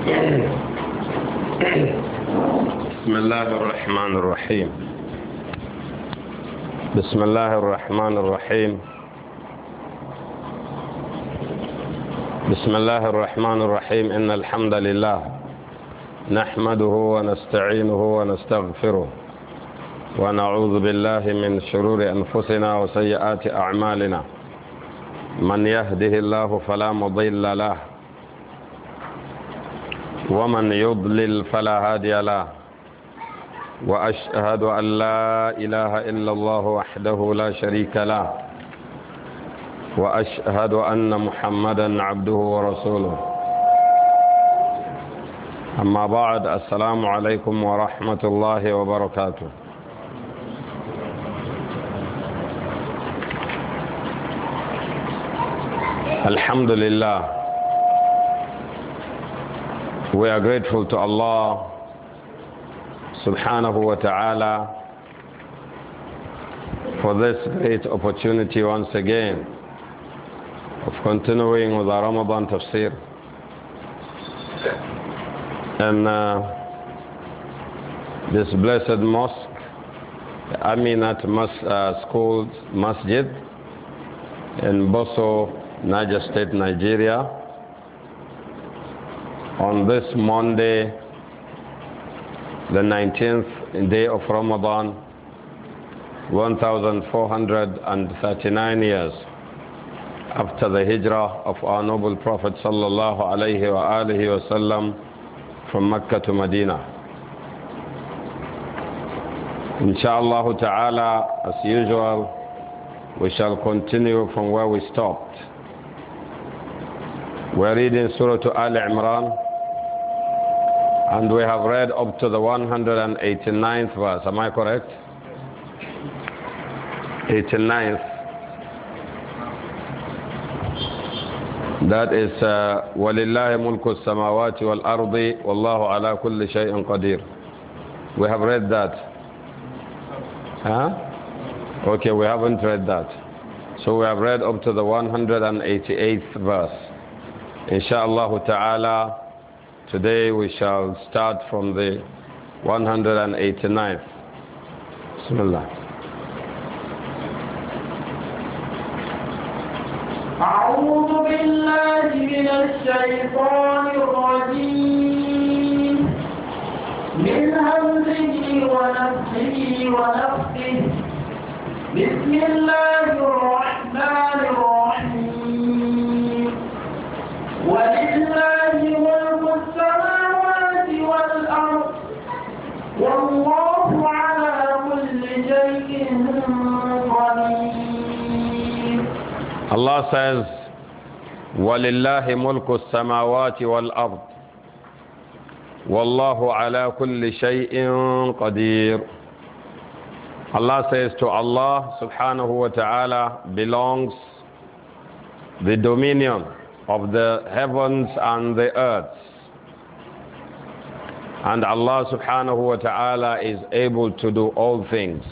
بسم الله الرحمن الرحيم بسم الله الرحمن الرحيم بسم الله الرحمن الرحيم إن الحمد لله نحمده ونستعينه ونستغفره ونعوذ بالله من شرور أنفسنا وسيئات أعمالنا من يهده الله فلا مضل له ومن يضلل فلا هادي له وأشهد أن لا إله إلا الله وحده لا شريك له وأشهد أن محمدا عبده ورسوله أما بعد السلام عليكم ورحمة الله وبركاته الحمد لله We are grateful to Allah subhanahu wa ta'ala for this great opportunity once again of continuing with our Ramadan tafsir. And uh, this blessed mosque, Aminat Mas uh, School Masjid in Boso, Niger State, Nigeria on this Monday, the 19th day of Ramadan, 1439 years after the hijrah of our noble Prophet sallallahu alaihi wa alihi wasallam from Mecca to Medina. Inshallah ta'ala, as usual, we shall continue from where we stopped. We're reading Surah Al Imran. And we have read up to the 189th verse. Am I correct? 89th. That is وَلِلَّهِ مُلْكُ السَّمَاوَاتِ وَالْأَرْضِ وَاللَّهُ عَلَى كُلِّ شَيْءٍ قَدِيرٌ We have read that. Huh? Okay, we haven't read that. So we have read up to the 188th verse. Insha'Allah ta'ala, Today we shall start from the 189th. Bismillah. أعوذ بالله من الشيطان الرجيم من همزه ونفسه ونفسه بسم الله الرحمن الرحيم Allah says, وَلِلَّهِ مُلْكُ السَّمَاوَاتِ وَالْأَرْضِ وَاللَّهُ عَلَى كُلِّ شَيْءٍ قَدِيرٌ Allah says to Allah subhanahu wa ta'ala belongs the dominion of the heavens and the earth. And Allah subhanahu wa ta'ala is able to do all things.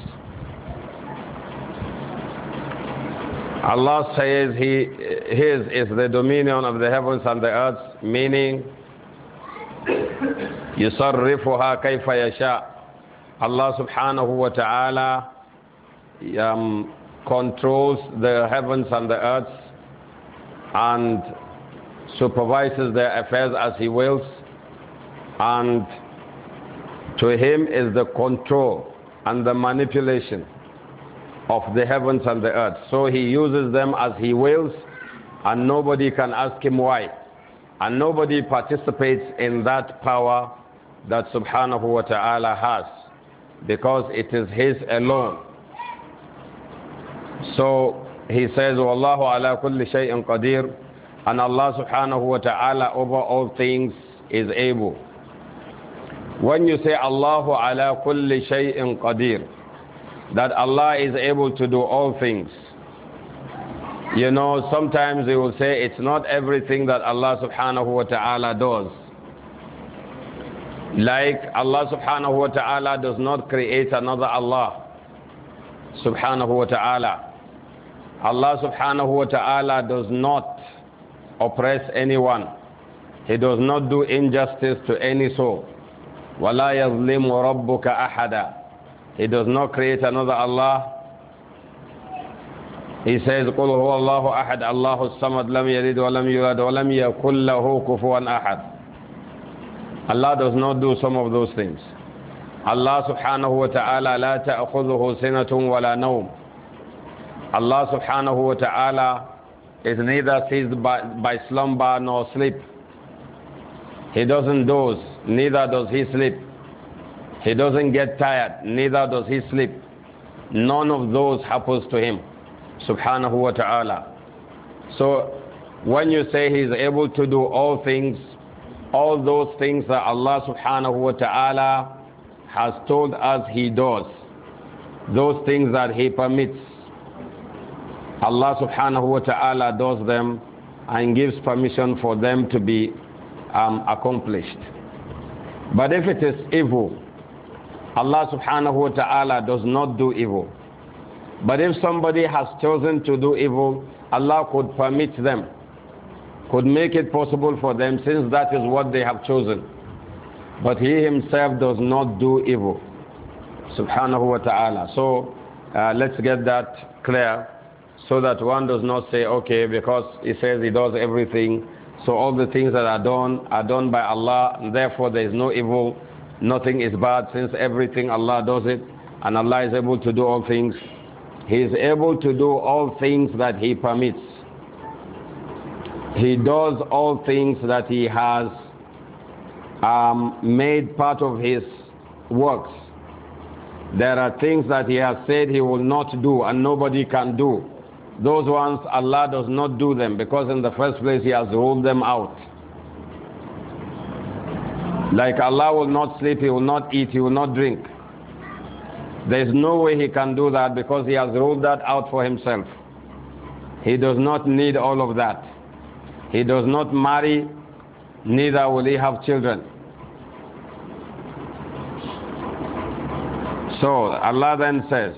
Allah says he, His is the dominion of the heavens and the earth, meaning يصرفها كيف يشاء Allah subhanahu wa ta'ala um, controls the heavens and the earth and supervises their affairs as he wills and to him is the control and the manipulation of the heavens and the earth. So he uses them as he wills, and nobody can ask him why. And nobody participates in that power that subhanahu wa ta'ala has, because it is his alone. So he says, Wallahu ala kulli shay'in qadir, and Allah subhanahu wa ta'ala over all things is able. When you say Allahu ala kulli shay'in qadir, that Allah is able to do all things. You know, sometimes they will say it's not everything that Allah subhanahu wa ta'ala does. Like Allah subhanahu wa ta'ala does not create another Allah subhanahu wa ta'ala. Allah subhanahu wa ta'ala does not oppress anyone. He does not do injustice to any soul. وَلَا يَظْلِمُ رَبُّكَ أَحَدًا he does not create another Allah. He says, قُلْ هُوَ اللَّهُ أَحَدْ اللَّهُ الصَّمَدْ لَمْ يَلِدْ وَلَمْ يُولَدْ وَلَمْ يَكُنْ لَهُ كُفُوًا أَحَدٌ Allah does not do some of those things. Allah subhanahu wa ta'ala لا تأخذه سنة ولا نوم. Allah subhanahu wa ta'ala is neither seized by, by slumber nor sleep. He doesn't doze, neither does he sleep. He doesn't get tired, neither does he sleep. None of those happens to him. Subhanahu wa ta'ala. So when you say he is able to do all things, all those things that Allah subhanahu wa ta'ala has told us he does, those things that he permits, Allah subhanahu wa ta'ala does them and gives permission for them to be um, accomplished. But if it is evil, Allah subhanahu wa ta'ala does not do evil. But if somebody has chosen to do evil, Allah could permit them, could make it possible for them, since that is what they have chosen. But He Himself does not do evil. Subhanahu wa ta'ala. So uh, let's get that clear so that one does not say, okay, because He says He does everything, so all the things that are done are done by Allah, and therefore there is no evil Nothing is bad since everything Allah does it, and Allah is able to do all things. He is able to do all things that He permits. He does all things that He has um, made part of His works. There are things that He has said He will not do and nobody can do. Those ones, Allah does not do them because, in the first place, He has ruled them out. Like Allah will not sleep, He will not eat, He will not drink. There is no way He can do that because He has ruled that out for Himself. He does not need all of that. He does not marry, neither will He have children. So Allah then says,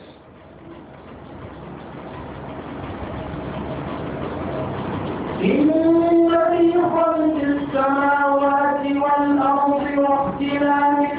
السماوات والأرض واختلاف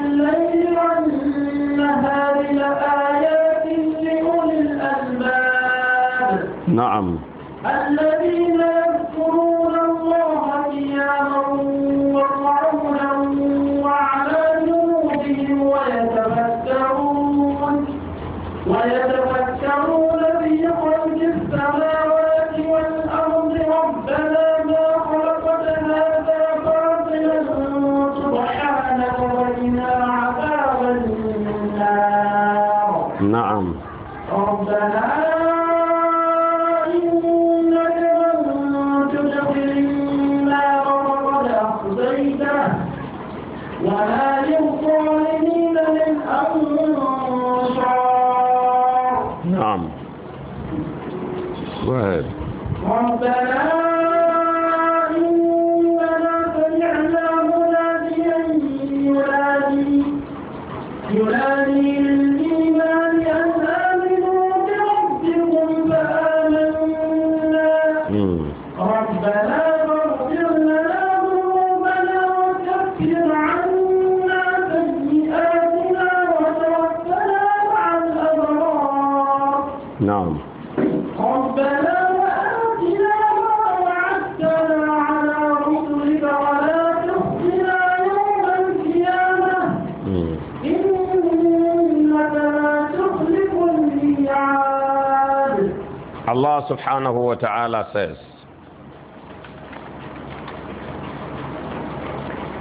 Allah subhanahu wa ta'ala says,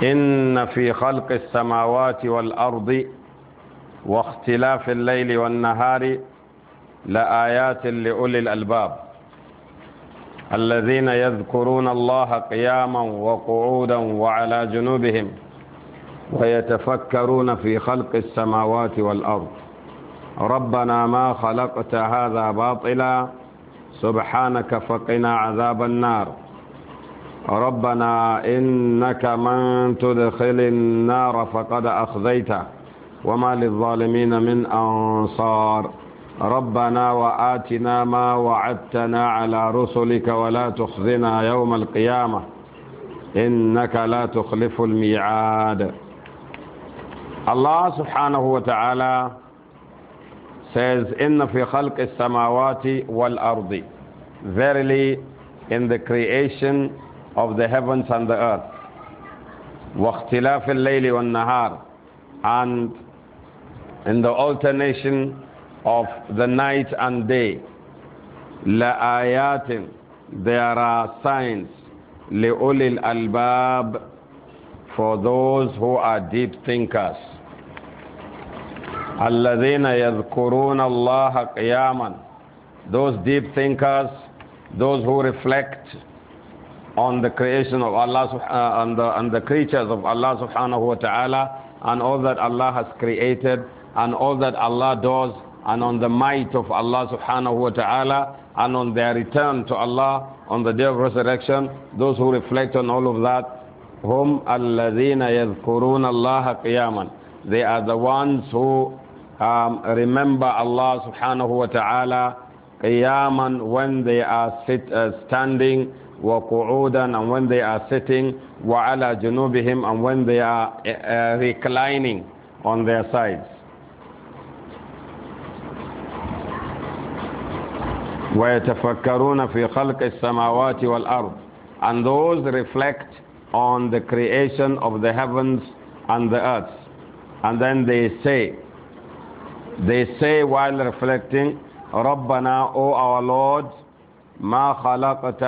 إن في خلق السماوات والأرض واختلاف الليل والنهار لآيات لأولي الألباب الذين يذكرون الله قياما وقعودا وعلى جنوبهم ويتفكرون في خلق السماوات والأرض ربنا ما خلقت هذا باطلا سبحانك فقنا عذاب النار ربنا إنك من تدخل النار فقد أخذيته وما للظالمين من أنصار ربنا وآتنا ما وعدتنا على رسلك ولا تخزنا يوم القيامة إنك لا تخلف الميعاد الله سبحانه وتعالى says, Inna fi khalqis samawati wal ardi. Verily, in the creation of the heavens and the earth. وَاخْتِلَافِ wal-nahar, And in the alternation of the night and day. لَآيَاتٍ There are signs al-bab, For those who are deep thinkers. الذين يذكرون الله قياما those deep thinkers those who reflect on the creation of Allah uh, the, the creatures of Allah subhanahu wa ta'ala and all that Allah has created and all that Allah does and on the might of Allah subhanahu wa ta'ala and on their return to Allah on the day of resurrection those who reflect on all of that هم الذين يذكرون الله قياما they are the ones who um, remember Allah subhanahu wa ta'ala qiyaman when they are sit, uh, standing wa qu'udan and when they are sitting wa ala junubihim and when they are uh, reclining on their sides ويتفكرون في خلق السماوات والأرض and those reflect on the creation of the heavens and the earth and then they say they say while reflecting, رَبَّنَا O our Lord, مَا خَلَقْتَ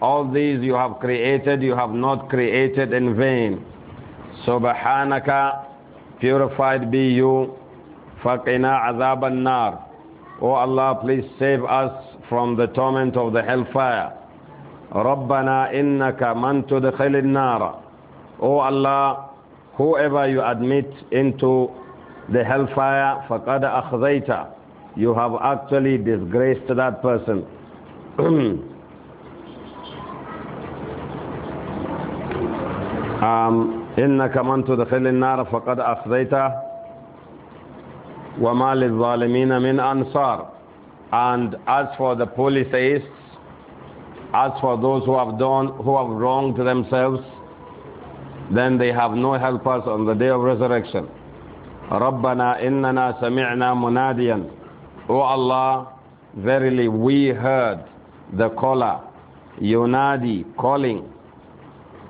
All these you have created, you have not created in vain. سُبْحَانَكَ Purified be you, فَقِنَا عَذَابَ النَّارِ O Allah, please save us from the torment of the hellfire. رَبَّنَا إِنَّكَ مَن تُدْخِلِ النَّارَ O Allah, whoever you admit into the hellfire, فَقَدْ أَخْذَيْتَ You have actually disgraced that person. um, إِنَّكَ مَنْ تُدْخِلِ النَّارَ فَقَدْ أَخْذَيْتَ وَمَا لِلظَّالِمِينَ مِنْ أَنصَارٍ And as for the polytheists, as for those who have done, who have wronged themselves, then they have no helpers on the day of resurrection. ربنا إننا سمعنا مناديا O Allah, verily we heard the caller, Yunadi, calling,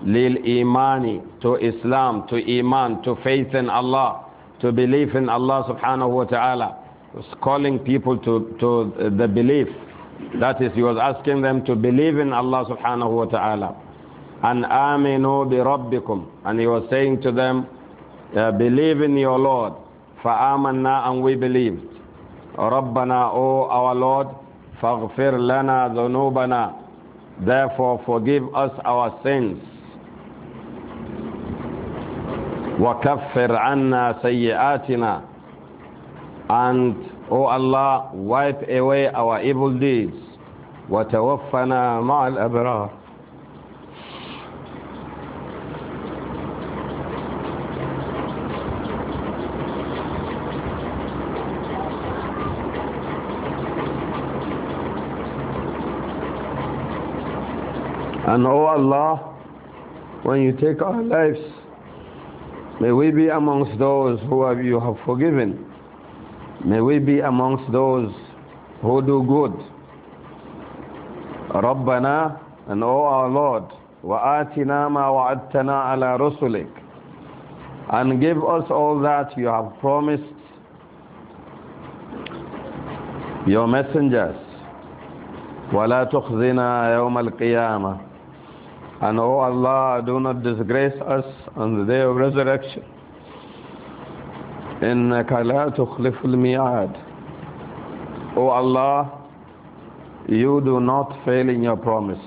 Lil Imani, to Islam, to Iman, to faith in Allah, to belief in Allah subhanahu wa ta'ala. Calling people to, to the belief. That is, he was asking them to believe in Allah subhanahu wa ta'ala. And aminu bi rabbikum. And he was saying to them, uh, believe in your Lord. فآمنا and we believed. Rabbana, O our Lord فاغفر لنا ذنوبنا Therefore forgive us our sins. وكفر عنا سيئاتنا and O Allah wipe away our evil deeds وتوفنا مع الأبرار And O oh Allah, when you take our lives, may we be amongst those who have, you have forgiven. May we be amongst those who do good. ربنا and O oh our Lord, وآتنا ما وعدتنا على رسلك and give us all that you have promised your messengers ولا تخزنا يوم القيامه and O oh Allah, do not disgrace us on the day of resurrection. إنك لا تخلف الميعاد O oh Allah, you do not fail in your promise.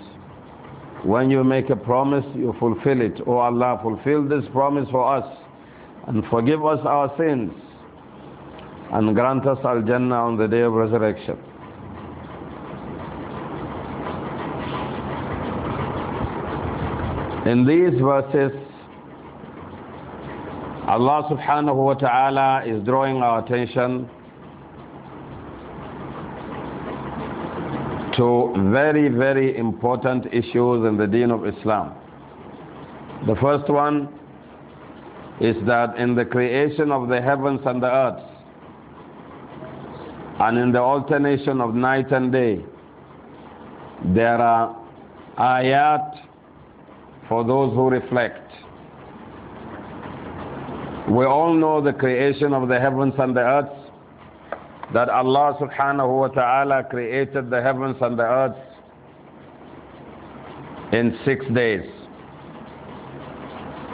When you make a promise, you fulfill it. O oh Allah, fulfill this promise for us and forgive us our sins and grant us Al-Jannah on the day of resurrection. In these verses, Allah subhanahu wa ta'ala is drawing our attention to very, very important issues in the deen of Islam. The first one is that in the creation of the heavens and the earth, and in the alternation of night and day, there are ayat for those who reflect. We all know the creation of the heavens and the earth, that Allah subhanahu wa ta'ala created the heavens and the earth in six days.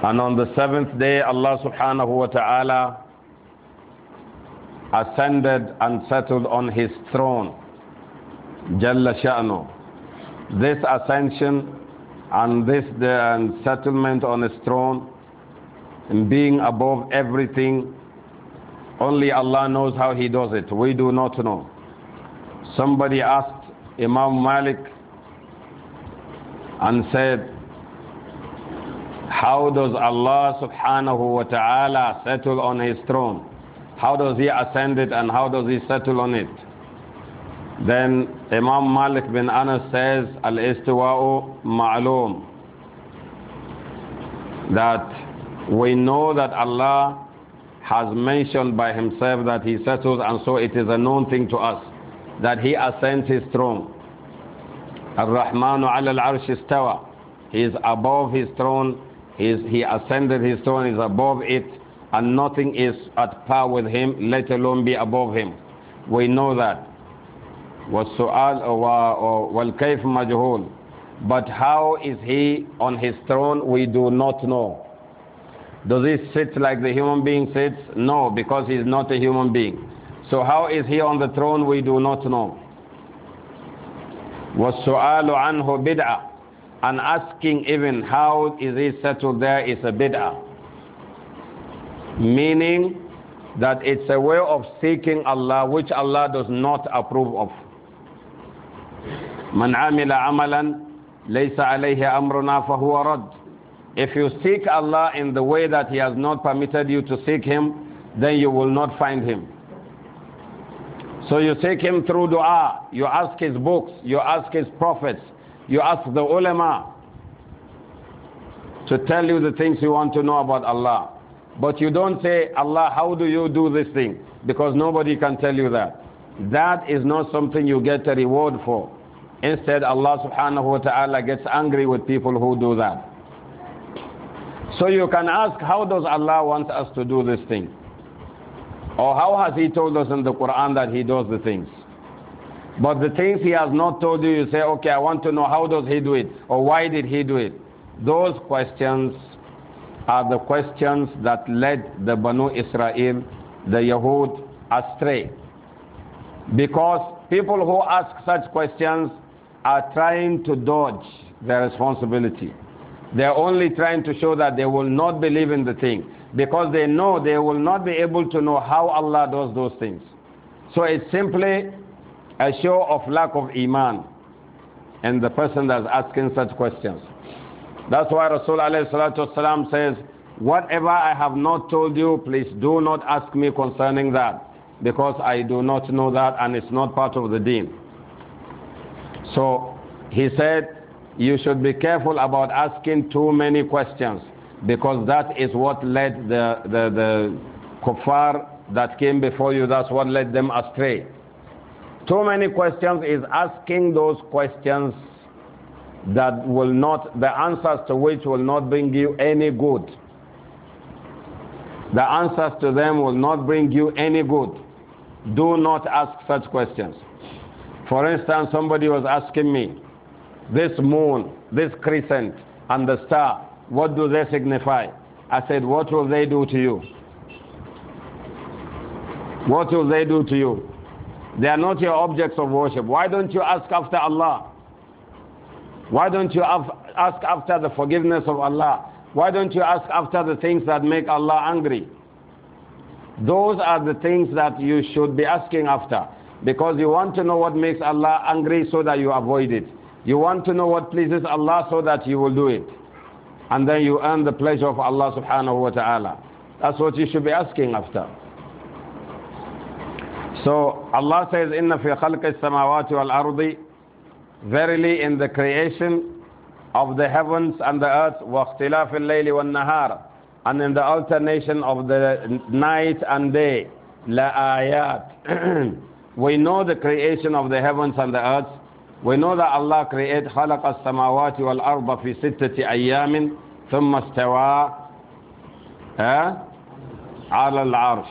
And on the seventh day, Allah subhanahu wa ta'ala ascended and settled on his throne. Jalla sha'nu. This ascension and this and settlement on his throne and being above everything. Only Allah knows how he does it. We do not know. Somebody asked Imam Malik and said, How does Allah subhanahu wa ta'ala settle on his throne? How does he ascend it and how does he settle on it? Then Imam Malik bin Anas says, Al-Istiwa'u Ma'lum. That we know that Allah has mentioned by himself that he settles and so it is a known thing to us that he ascends his throne. al rahmanu al-arsh istawa. He is above his throne. He, is, he ascended his throne, is above it, and nothing is at par with him, let alone be above him. We know that. والسؤال والكيف مجهول but how is he on his throne we do not know does he sit like the human being sits no because he is not a human being so how is he on the throne we do not know والسؤال عنه بدعة and asking even how is he settled there is a bid'ah meaning that it's a way of seeking Allah which Allah does not approve of if you seek Allah in the way that He has not permitted you to seek Him, then you will not find Him. So you seek Him through dua, you ask His books, you ask His prophets, you ask the ulama to tell you the things you want to know about Allah. But you don't say, Allah, how do you do this thing? Because nobody can tell you that. That is not something you get a reward for. Instead, Allah subhanahu wa ta'ala gets angry with people who do that. So you can ask, how does Allah want us to do this thing? Or how has He told us in the Quran that He does the things? But the things He has not told you, you say, okay, I want to know how does He do it? Or why did He do it? Those questions are the questions that led the Banu Israel, the Yahud, astray. Because people who ask such questions are trying to dodge their responsibility. They are only trying to show that they will not believe in the thing because they know they will not be able to know how Allah does those things. So it's simply a show of lack of iman in the person that's asking such questions. That's why Rasul says, Whatever I have not told you, please do not ask me concerning that because I do not know that and it's not part of the deen. So he said, you should be careful about asking too many questions because that is what led the, the, the kuffar that came before you, that's what led them astray. Too many questions is asking those questions that will not, the answers to which will not bring you any good. The answers to them will not bring you any good. Do not ask such questions. For instance, somebody was asking me, this moon, this crescent, and the star, what do they signify? I said, what will they do to you? What will they do to you? They are not your objects of worship. Why don't you ask after Allah? Why don't you ask after the forgiveness of Allah? Why don't you ask after the things that make Allah angry? Those are the things that you should be asking after. Because you want to know what makes Allah angry so that you avoid it. You want to know what pleases Allah so that you will do it. And then you earn the pleasure of Allah subhanahu wa ta'ala. That's what you should be asking after. So Allah says, Inna fi khalqi samawati wal ardi, verily in the creation of the heavens and the earth, wa al-layli wal nahar, and in the alternation of the night and day, la ayat. We know the creation of the heavens and the earth. We know that Allah created خلق السماوات والأرض في ستة أيام ثم استوى على العرش.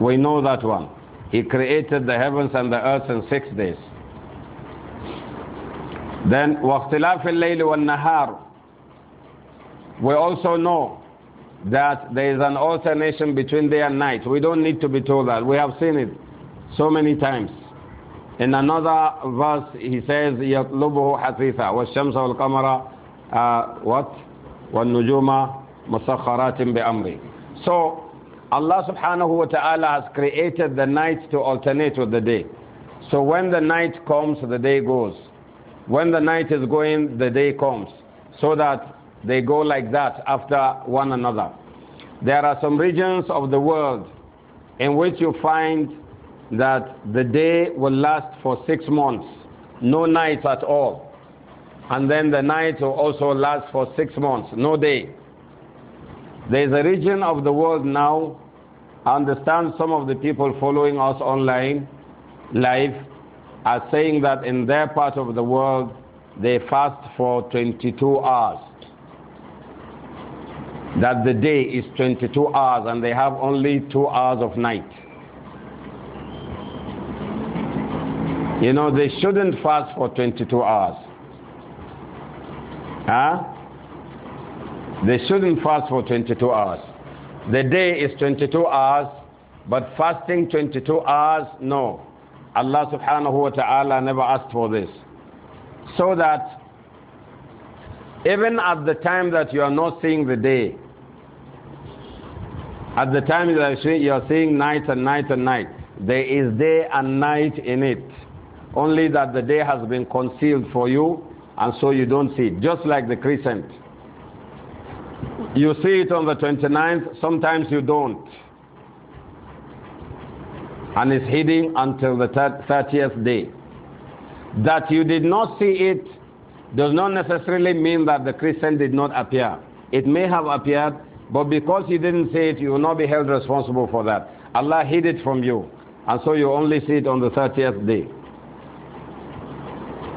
We know that one. He created the heavens and the earth in six days. Then واختلاف الليل والنهار. We also know that there is an alternation between day and night. We don't need to be told that. We have seen it so many times. In another verse, he says, يَطْلُبُهُ حَثِيثًا وَالشَّمْسَ وَالْقَمَرَ uh, what? وَالنُّجُومَ مُسَخَّرَاتٍ بِأَمْرِهِ So, Allah subhanahu wa ta'ala has created the night to alternate with the day. So when the night comes, the day goes. When the night is going, the day comes. So that they go like that after one another. There are some regions of the world in which you find that the day will last for six months, no night at all. And then the night will also last for six months, no day. There is a region of the world now, I understand some of the people following us online, live, are saying that in their part of the world, they fast for 22 hours that the day is 22 hours and they have only two hours of night. You know, they shouldn't fast for 22 hours. Huh? They shouldn't fast for 22 hours. The day is 22 hours, but fasting 22 hours, no. Allah subhanahu wa ta'ala never asked for this. So that even at the time that you are not seeing the day, at the time you are seeing you are seeing night and night and night. There is day and night in it. Only that the day has been concealed for you, and so you don't see it. Just like the crescent. You see it on the 29th, sometimes you don't. And it's hidden until the 30th day. That you did not see it does not necessarily mean that the crescent did not appear. It may have appeared, but because you didn't say it, you will not be held responsible for that. Allah hid it from you. And so you only see it on the 30th day.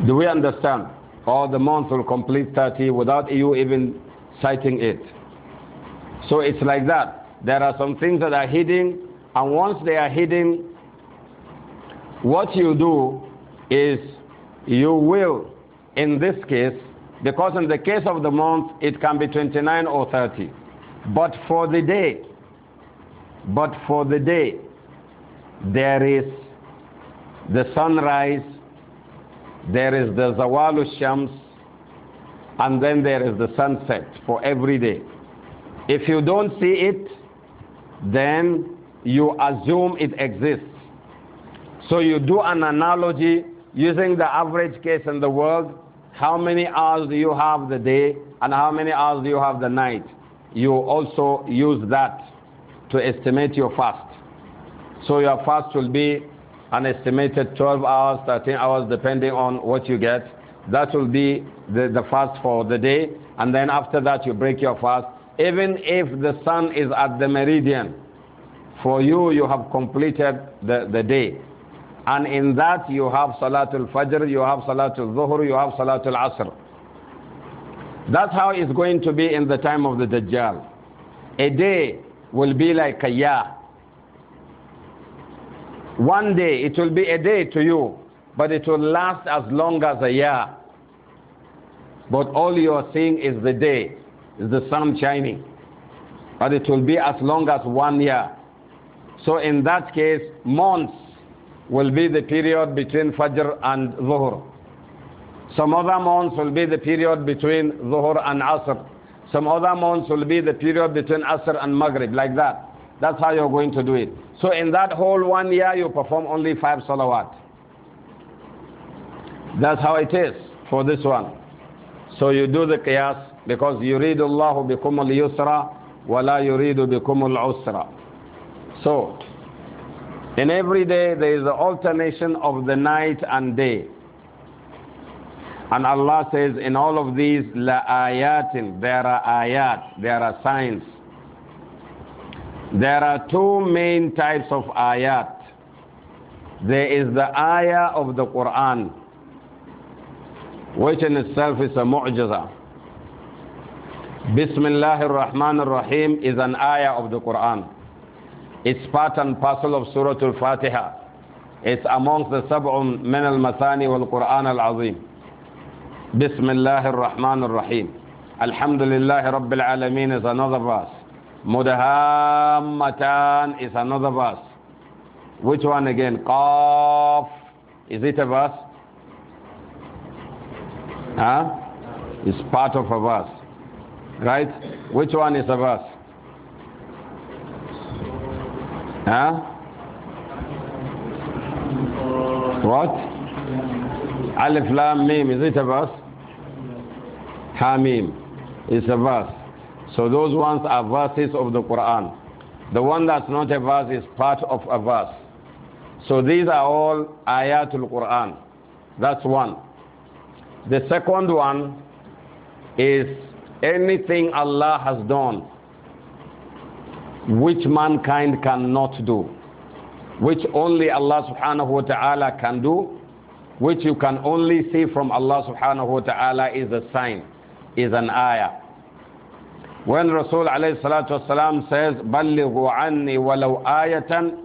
Do we understand? Or the month will complete 30 without you even citing it. So it's like that. There are some things that are hidden, and once they are hidden, what you do is you will, in this case, because in the case of the month, it can be 29 or 30. But for the day, but for the day, there is the sunrise, there is the zawalu shams, and then there is the sunset for every day. If you don't see it, then you assume it exists. So you do an analogy using the average case in the world. How many hours do you have the day and how many hours do you have the night? you also use that to estimate your fast. So your fast will be an estimated 12 hours, 13 hours, depending on what you get. That will be the, the fast for the day. And then after that, you break your fast. Even if the sun is at the meridian, for you, you have completed the, the day. And in that, you have Salatul Fajr, you have Salatul Dhuhr, you have Salatul Asr. That's how it's going to be in the time of the Dajjal. A day will be like a year. One day, it will be a day to you, but it will last as long as a year. But all you are seeing is the day, is the sun shining. But it will be as long as one year. So in that case, months will be the period between Fajr and Dhuhr. Some other months will be the period between Zuhur and Asr. Some other months will be the period between Asr and Maghrib, like that. That's how you're going to do it. So in that whole one year, you perform only five salawat. That's how it is for this one. So you do the qiyas because يريد الله بكم you ولا يريد بكم العسر. So in every day there is an alternation of the night and day. And Allah says in all of these, la ayatin, there are ayat, there are signs. There are two main types of ayat. There is the ayah of the Quran, which in itself is a mujaza. Bismillah ar-Rahman ar-Rahim is an ayah of the Quran. It's part and parcel of Surah Al-Fatiha. It's amongst the sab'un min al-mathani wal-Quran al-Azim. بسم الله الرحمن الرحيم الحمد لله رب العالمين is another verse مدهامتان is another verse which one again قاف is it a verse huh? it's part of a verse right which one is a verse huh? what alif lam mim is it a verse Hamim is a verse. So those ones are verses of the Quran. The one that's not a verse is part of a verse. So these are all ayatul Quran. That's one. The second one is anything Allah has done which mankind cannot do, which only Allah subhanahu wa ta'ala can do, which you can only see from Allah subhanahu wa ta'ala is a sign is an ayah. When Rasul alayhi salatu wasalam says, بَلِّغُوا عَنِّي وَلَوْ آيَةً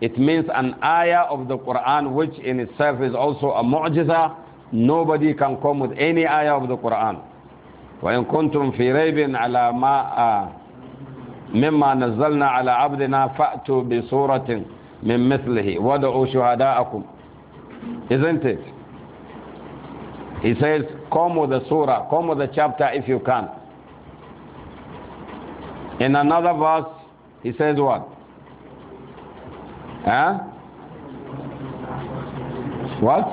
It means an ayah of the Quran, which in itself is also a mu'jiza. Nobody can come with any ayah of the Quran. وإن كنتم في ريب على ما مما نزلنا على عبدنا فأتوا بسورة من مثله ودعوا شهداءكم isn't it he says, come with the surah, come with the chapter if you can. In another verse, he says what? Huh? What?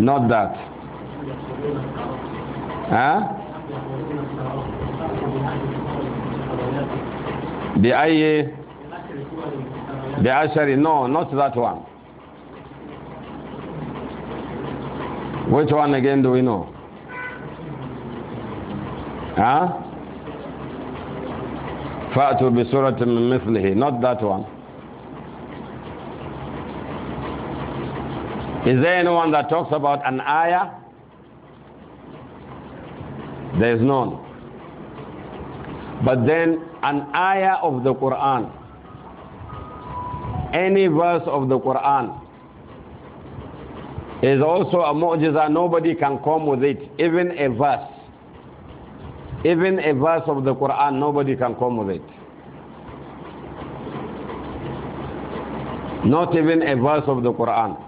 Not that. Huh? The ayah, the ashari, no, not that one. Which one again do we know? Huh? فأتوا بسورة من مثله not that one is there anyone that talks about an ayah there is none but then an ayah of the Quran any verse of the Quran is also a mu'jiza. Nobody can come with it. Even a verse. Even a verse of the Quran, nobody can come with it. Not even a verse of the Quran.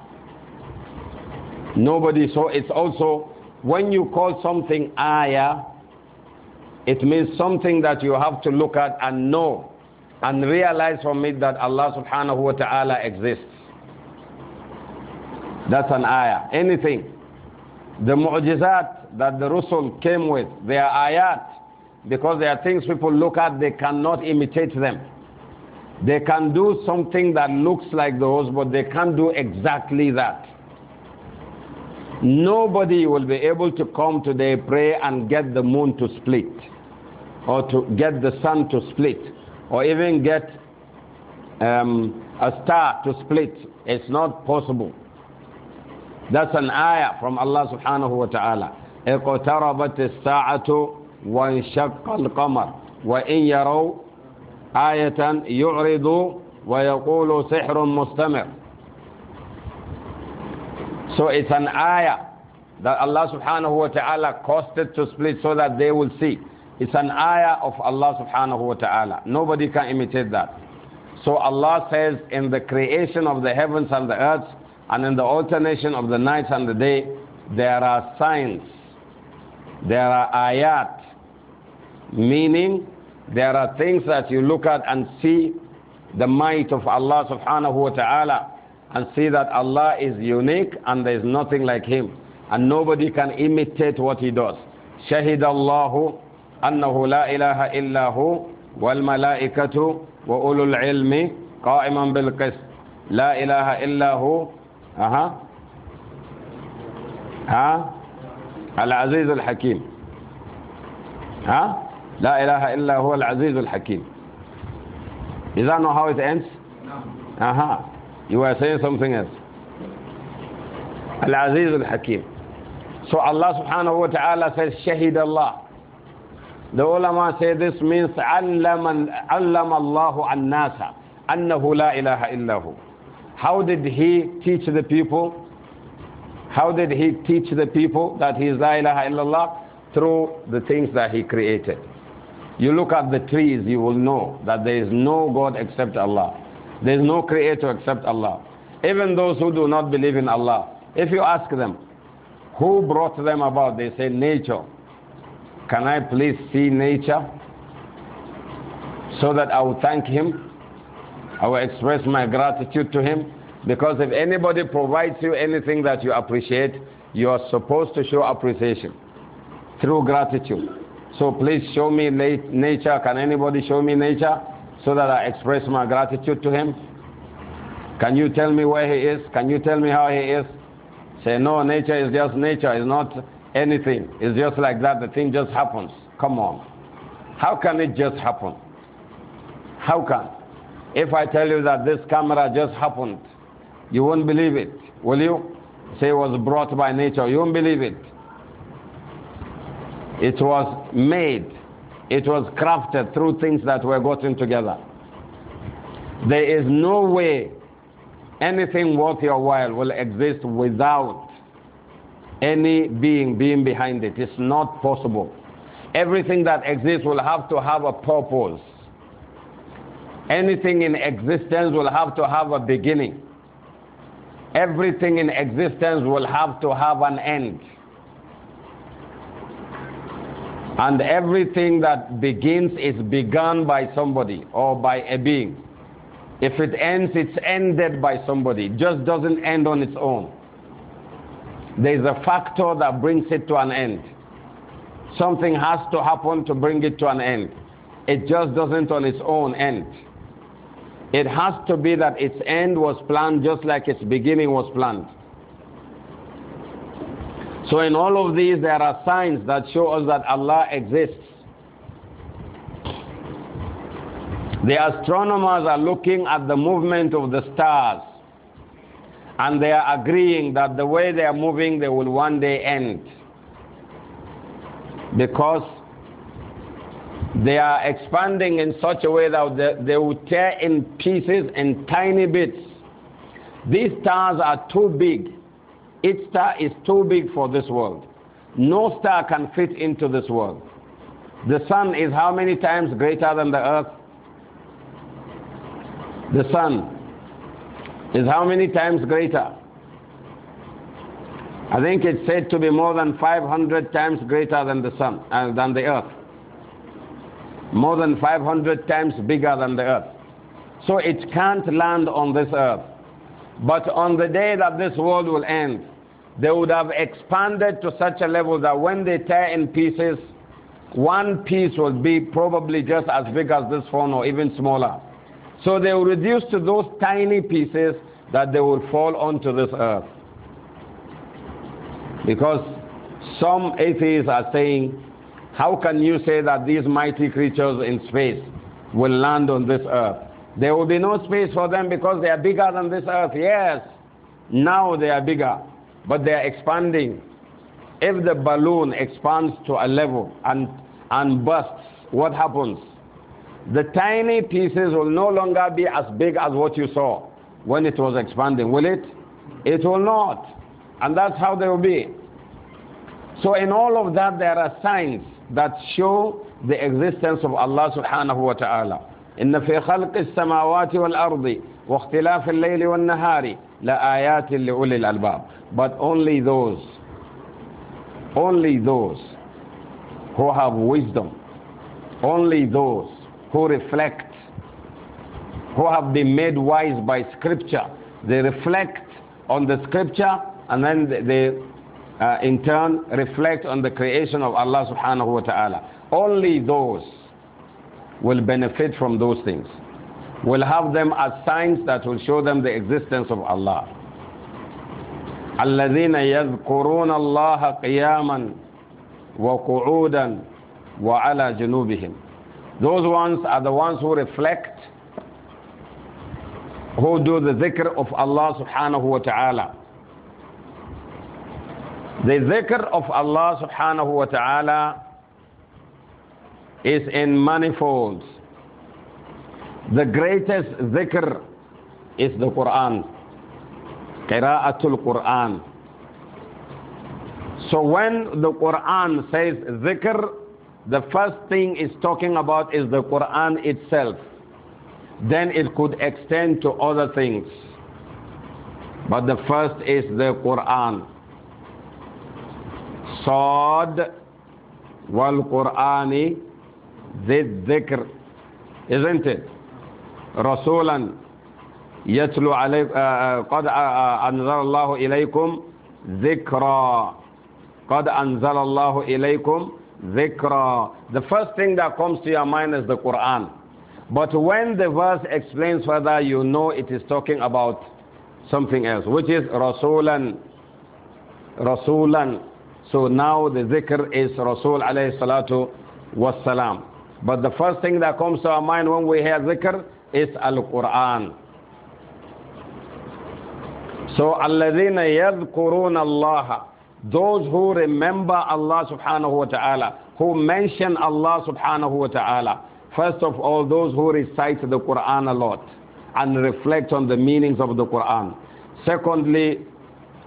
Nobody So It's also when you call something ayah, it means something that you have to look at and know and realize from it that Allah subhanahu wa ta'ala exists. That's an ayah. Anything. The mu'jizat that the Rusul came with, they are ayat. Because they are things people look at, they cannot imitate them. They can do something that looks like those, but they can't do exactly that. Nobody will be able to come today, pray, and get the moon to split, or to get the sun to split, or even get um, a star to split. It's not possible. That's an ayah from Allah subhanahu wa ta'ala. اقتربت الساعة وانشق القمر وإن يروا آية يعرضوا ويقولوا سحر مستمر. So it's an ayah that Allah subhanahu wa ta'ala caused it to split so that they will see. It's an ayah of Allah subhanahu wa ta'ala. Nobody can imitate that. So Allah says in the creation of the heavens and the earth, and in the alternation of the night and the day, there are signs, there are ayat, meaning there are things that you look at and see the might of Allah subhanahu wa ta'ala and see that Allah is unique and there is nothing like Him and nobody can imitate what He does. شهد الله أنه لا إله إلا هو والملائكة وأولو العلم قائما بالقسط لا إله إلا هو أها ها العزيز الحكيم ها لا إله إلا هو العزيز الحكيم Is that not how it ends? No. Aha. You were saying something else. Al-Aziz al-Hakim. So Allah subhanahu wa ta'ala says, Shahid Allah. The ulama say this means, علم, Allahu an-nasa, annahu لا إله إلا هو. How did he teach the people? How did he teach the people that he is La ilaha illallah? Through the things that he created. You look at the trees, you will know that there is no God except Allah. There is no creator except Allah. Even those who do not believe in Allah, if you ask them, who brought them about? They say, nature. Can I please see nature so that I will thank him? I will express my gratitude to him because if anybody provides you anything that you appreciate, you are supposed to show appreciation through gratitude. So please show me nature. Can anybody show me nature so that I express my gratitude to him? Can you tell me where he is? Can you tell me how he is? Say, no, nature is just nature. It's not anything. It's just like that. The thing just happens. Come on. How can it just happen? How can? If I tell you that this camera just happened, you won't believe it, will you? Say it was brought by nature, you won't believe it. It was made, it was crafted through things that were gotten together. There is no way anything worth your while will exist without any being being behind it. It's not possible. Everything that exists will have to have a purpose. Anything in existence will have to have a beginning. Everything in existence will have to have an end. And everything that begins is begun by somebody or by a being. If it ends, it's ended by somebody. It just doesn't end on its own. There's a factor that brings it to an end. Something has to happen to bring it to an end. It just doesn't on its own end. It has to be that its end was planned just like its beginning was planned. So, in all of these, there are signs that show us that Allah exists. The astronomers are looking at the movement of the stars and they are agreeing that the way they are moving, they will one day end. Because they are expanding in such a way that they will tear in pieces in tiny bits. These stars are too big. Each star is too big for this world. No star can fit into this world. The sun is how many times greater than the earth? The sun is how many times greater? I think it's said to be more than 500 times greater than the sun, uh, than the earth more than 500 times bigger than the earth. So it can't land on this earth. But on the day that this world will end, they would have expanded to such a level that when they tear in pieces, one piece would be probably just as big as this phone or even smaller. So they will reduce to those tiny pieces that they will fall onto this earth. Because some atheists are saying how can you say that these mighty creatures in space will land on this earth? There will be no space for them because they are bigger than this earth. Yes, now they are bigger, but they are expanding. If the balloon expands to a level and, and bursts, what happens? The tiny pieces will no longer be as big as what you saw when it was expanding, will it? It will not. And that's how they will be. So, in all of that, there are signs that show the existence of Allah subhanahu wa ta'ala. إن في خلق السماوات والأرض واختلاف الليل والنهار لآيات لأولي الألباب but only those only those who have wisdom only those who reflect who have been made wise by scripture they reflect on the scripture and then they uh, in turn reflect on the creation of Allah subhanahu wa ta'ala. Only those will benefit from those things. Will have them as signs that will show them the existence of Allah. الذين يذكرون الله قياما وقعودا وعلى جنوبهم. Those ones are the ones who reflect, who do the dhikr of Allah subhanahu wa ta'ala the zikr of Allah subhanahu wa ta'ala is in manifolds. The greatest zikr is the Quran. Qira'atul Quran. So when the Quran says zikr, the first thing it's talking about is the Quran itself. Then it could extend to other things. But the first is the Quran. Sod wal Qur'ani ذي الذكر isn't it رسولا يتلو عليكم قد أنزل الله إليكم ذكرا قد أنزل الله إليكم ذكرا the first thing that comes to your mind is the Quran but when the verse explains further you know it is talking about something else which is رسولا رسولا so now the zikr is Rasul alayhi salatu wassalam. But the first thing that comes to our mind when we hear zikr is Al-Quran. So الَّذِينَ يَذْكُرُونَ Allah, Those who remember Allah subhanahu wa ta'ala, who mention Allah subhanahu wa ta'ala. First of all, those who recite the Quran a lot and reflect on the meanings of the Quran. Secondly,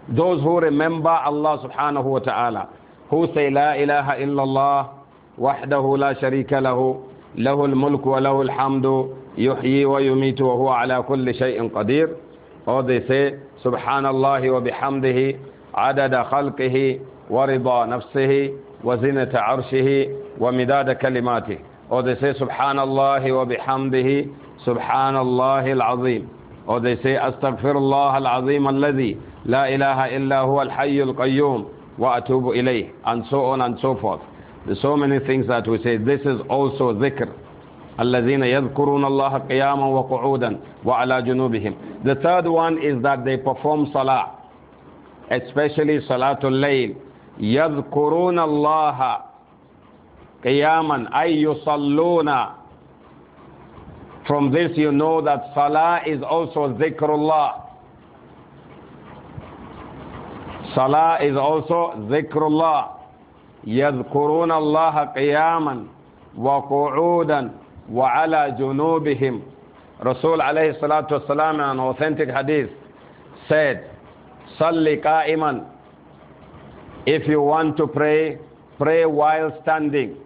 Those who remember Allah subhanahu wa ta'ala, who say La ilaha illallah, wahdahu la sharika lahu, له mulku wa lahul hamdu, yuhyi wa yumitu wa huwa ala kulli shay'in qadir. Or they say سبحان wa bihamdihi, adada khalqihi, wa نفسه nafsihi, wa zinata arshihi, wa midada kalimatihi. Or they say سبحان wa bihamdihi, سبحان al-azim. Or they say Astaghfirullah al-azim الذي لا إله إلا هو الحي القيوم وأتوب إليه and so on and so forth There's so many things that we say this is also ذكر الذين يذكرون الله قياما وقعودا وعلى جنوبهم the third one is that they perform salah especially salatul layl يذكرون الله قياما أي يصلون from this you know that salah is also الله Salah is also zikrullah. يذكرون الله قياما وقعودا وعلى جنوبهم Rasul alayhi salatu wasalam an authentic hadith said, Salli قائماً. If you want to pray, pray while standing.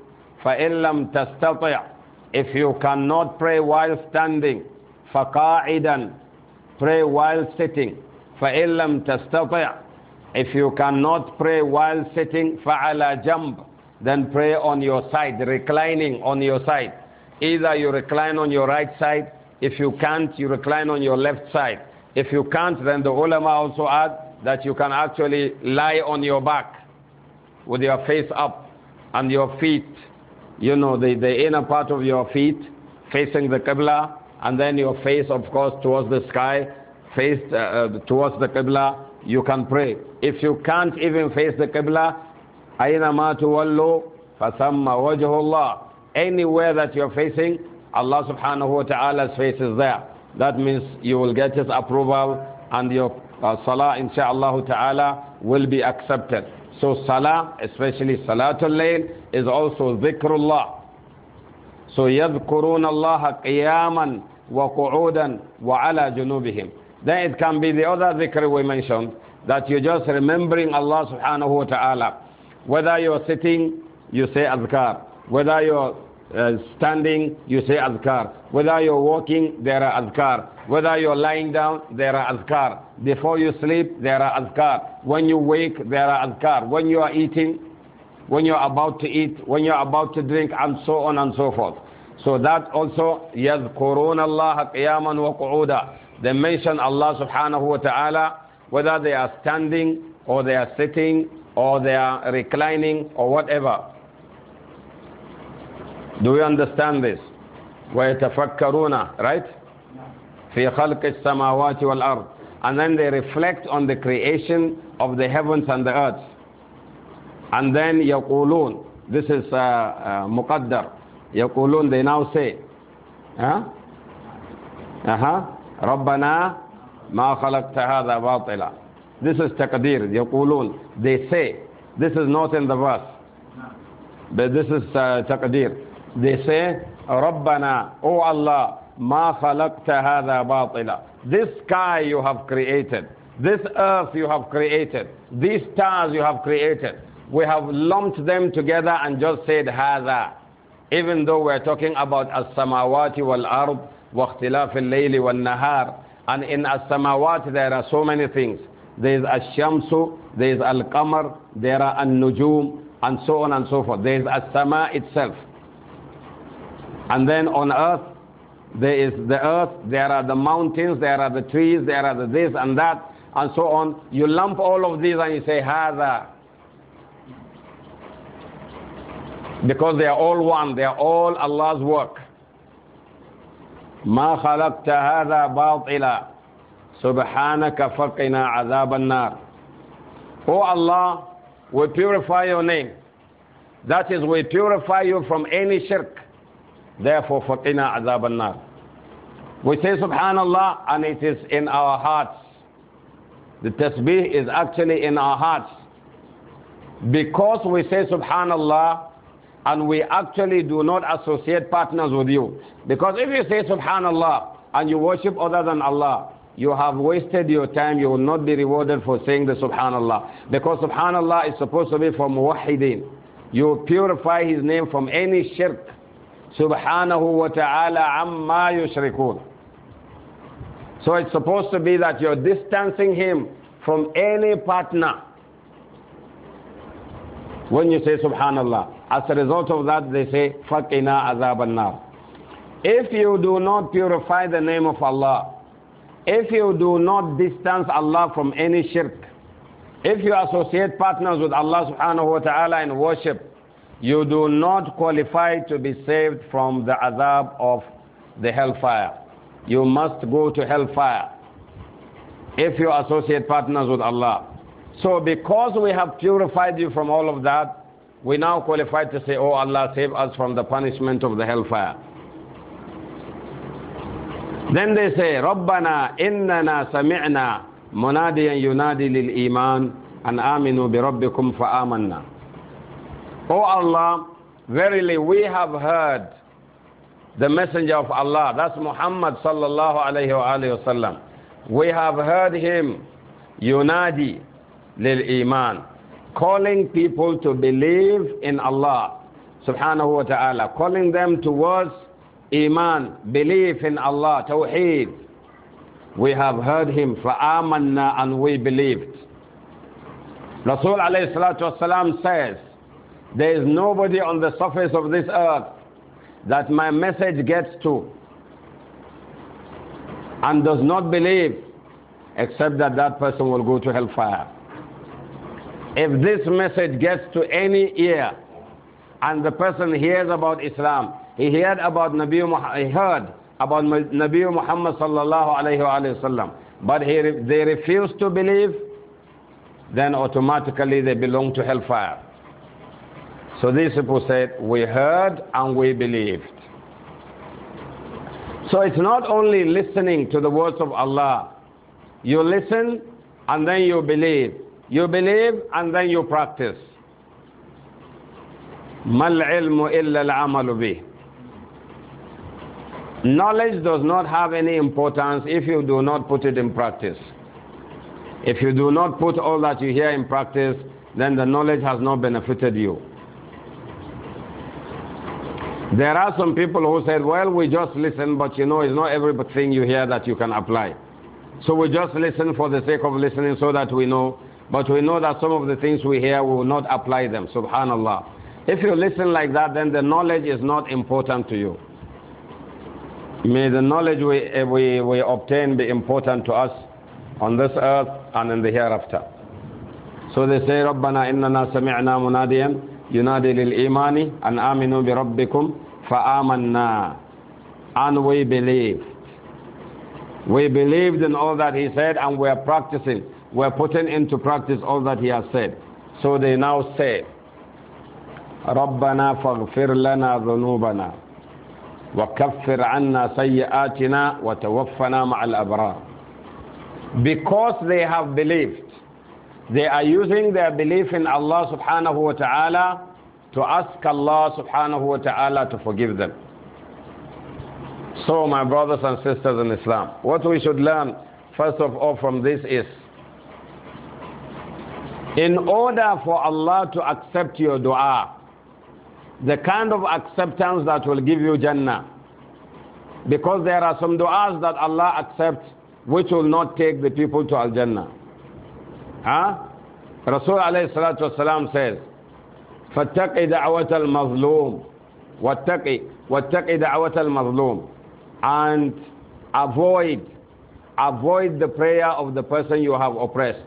فَإِن لَمْ تَسْتَطِعْ If you cannot pray while standing, فَقَاعِدًا Pray while sitting. فَإِن لَمْ تَسْتَطِعْ if you cannot pray while sitting, fa'ala jamb, then pray on your side, reclining on your side. Either you recline on your right side, if you can't, you recline on your left side. If you can't, then the ulama also add that you can actually lie on your back with your face up and your feet, you know, the, the inner part of your feet facing the Qibla and then your face, of course, towards the sky, face uh, uh towards the Qibla you can pray. If you can't even face the Qibla, أَيْنَمَا تُوَلُّوا فَثَمَّ وَجْهُ اللَّهِ Anywhere that you're facing, Allah subhanahu wa ta'ala's face is there. That means you will get His approval and your uh, salah, insha'Allah ta'ala, will be accepted. So salah, especially salatul layl, is also dhikrullah. So يَذْكُرُونَ اللَّهَ قِيَامًا وَقُعُودًا وَعَلَى جُنُوبِهِمْ then it can be the other dhikr we mentioned, that you're just remembering Allah subhanahu wa ta'ala. Whether you're sitting, you say azkar. Whether you're uh, standing, you say azkar. Whether you're walking, there are azkar. Whether you're lying down, there are azkar. Before you sleep, there are azkar. When you wake, there are azkar. When you are eating, when you're about to eat, when you're about to drink, and so on and so forth. So that also, Allah اللَّهَ Wa وَقُعُودًا they mention Allah subhanahu wa ta'ala, whether they are standing or they are sitting or they are reclining or whatever. Do you understand this? وَيَتَفَكَّرُونَ Right? فِي خَلْقِ السَّمَاوَاتِ وَالْأَرْضِ And then they reflect on the creation of the heavens and the earth. And then يَقُولُونَ This is uh, uh, مقدر. They now say. Huh? Uh-huh. ربنا ما خلقت هذا باطلا This is تقدير يقولون they say this is not in the verse but this is uh, تقدير they say ربنا O Allah ما خلقت هذا باطلا This sky you have created this earth you have created these stars you have created we have lumped them together and just said هذا even though we're talking about السماوات والارض. وَاخْتِلَافِ اللَّيْلِ وَالنَّهَارِ And in as-samawat there are so many things. There is ash-shamsu, there is al-qamar, there are an-nujum, and so on and so forth. There is as-sama itself. And then on earth, there is the earth, there are the mountains, there are the trees, there are the this and that, and so on. You lump all of these and you say, Hada. Because they are all one, they are all Allah's work. ما خلقت هذا باطلا سبحانك فقنا عذاب النار oh Allah, we purify your name. That is, we purify you from any shirk. Therefore, faqina عذاب al-nar. We say subhanallah and it is in our hearts. The tasbih is actually in our hearts. Because we say subhanallah, and we actually do not associate partners with you. Because if you say subhanallah and you worship other than Allah, you have wasted your time. You will not be rewarded for saying the subhanallah. Because subhanallah is supposed to be from muwahideen. You purify his name from any shirk. Subhanahu wa ta'ala amma yushrikun. So it's supposed to be that you're distancing him from any partner when you say subhanallah. As a result of that, they say, فَقِنَا عَذَابَ النَّارِ If you do not purify the name of Allah, if you do not distance Allah from any shirk, if you associate partners with Allah subhanahu wa ta'ala in worship, you do not qualify to be saved from the azab of the hellfire. You must go to hellfire if you associate partners with Allah. So because we have purified you from all of that, we now qualify to say, Oh Allah, save us from the punishment of the hellfire. Then they say, رَبَّنَا إِنَّنَا سَمِعْنَا مُنَادِيًا يُنَادِي لِلْإِيمَانِ أَنْ آمِنُوا fa فَآمَنَّا Oh Allah, verily we have heard the messenger of Allah, that's Muhammad sallallahu alayhi wa alayhi wa sallam. We have heard him, lil-Iman calling people to believe in Allah subhanahu wa ta'ala, calling them towards Iman, belief in Allah, Tawheed. We have heard him, Fa'amanna, and we believed. Rasul alayhi salatu wasalam says, there is nobody on the surface of this earth that my message gets to and does not believe except that that person will go to hellfire. If this message gets to any ear and the person hears about Islam, he heard about Nabi Muhammad, he heard about Nabi Muhammad sallallahu alayhi wa sallam, but he, they refuse to believe, then automatically they belong to hellfire. So these people said, We heard and we believed. So it's not only listening to the words of Allah, you listen and then you believe. You believe and then you practice. ما العلم إلا العمل Knowledge does not have any importance if you do not put it in practice. If you do not put all that you hear in practice, then the knowledge has not benefited you. There are some people who said, Well, we just listen, but you know, it's not everything you hear that you can apply. So we just listen for the sake of listening so that we know but we know that some of the things we hear, we will not apply them. Subhanallah. If you listen like that, then the knowledge is not important to you. May the knowledge we, eh, we, we obtain be important to us on this earth and in the hereafter. So they say, رَبَّنَا إِنَّنَا سَمِعْنَا مُنَادِيًا يُنَادِي لِلْإِيمَانِ أَنْ آمِنُوا بِرَبِّكُمْ فَآمَنَّا And we believe. We believed in all that he said and we are practicing were putting into practice all that he has said. So they now say, ربنا فاغفر لنا ذنوبنا وكفر عنا سيئاتنا وتوفنا مع الأبرار because they have believed they are using their belief in Allah subhanahu wa ta'ala to ask Allah subhanahu wa ta'ala to forgive them so my brothers and sisters in Islam what we should learn first of all from this is in order for Allah to accept your dua, the kind of acceptance that will give you Jannah. Because there are some du'as that Allah accepts which will not take the people to Al Jannah. Huh? Rasul alayhi salatu wasalam says, فَاتَّقِ دَعْوَةَ الْمَظْلُومِ وَاتَّقِ وَاتَّقِ دَعْوَةَ الْمَظْلُومِ And avoid, avoid the prayer of the person you have oppressed.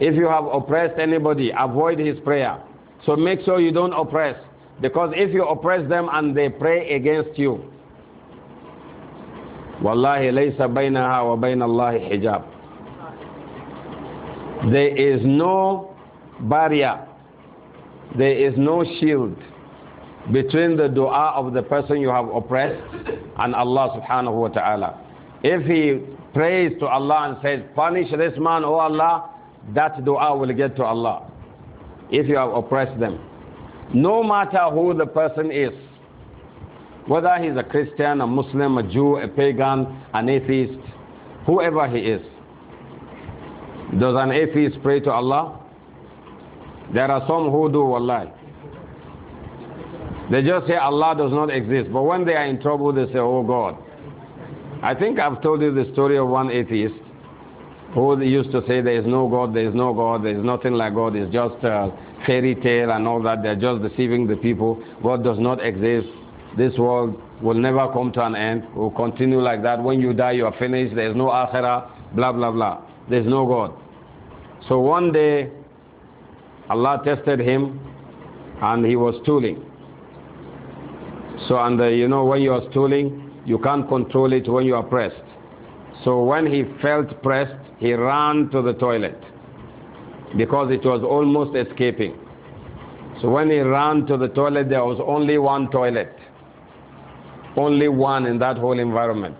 If you have oppressed anybody, avoid his prayer. So make sure you don't oppress. Because if you oppress them and they pray against you, Wallahi laysa baynaha wa hijab. There is no barrier, there is no shield between the dua of the person you have oppressed and Allah subhanahu wa ta'ala. If he prays to Allah and says, Punish this man, O Allah, that dua will get to Allah if you have oppressed them. No matter who the person is, whether he's a Christian, a Muslim, a Jew, a pagan, an atheist, whoever he is. Does an atheist pray to Allah? There are some who do, wallahi. They just say Allah does not exist. But when they are in trouble, they say, Oh God. I think I've told you the story of one atheist who used to say there is no God, there is no God, there is nothing like God, it's just a fairy tale and all that, they're just deceiving the people. God does not exist. This world will never come to an end, it will continue like that. When you die, you are finished, there is no akhirah, blah, blah, blah. There is no God. So one day, Allah tested him and he was tooling. So, and the, uh, you know, when you are stooling, you can't control it when you are pressed. So when he felt pressed, he ran to the toilet because it was almost escaping. So when he ran to the toilet, there was only one toilet, only one in that whole environment.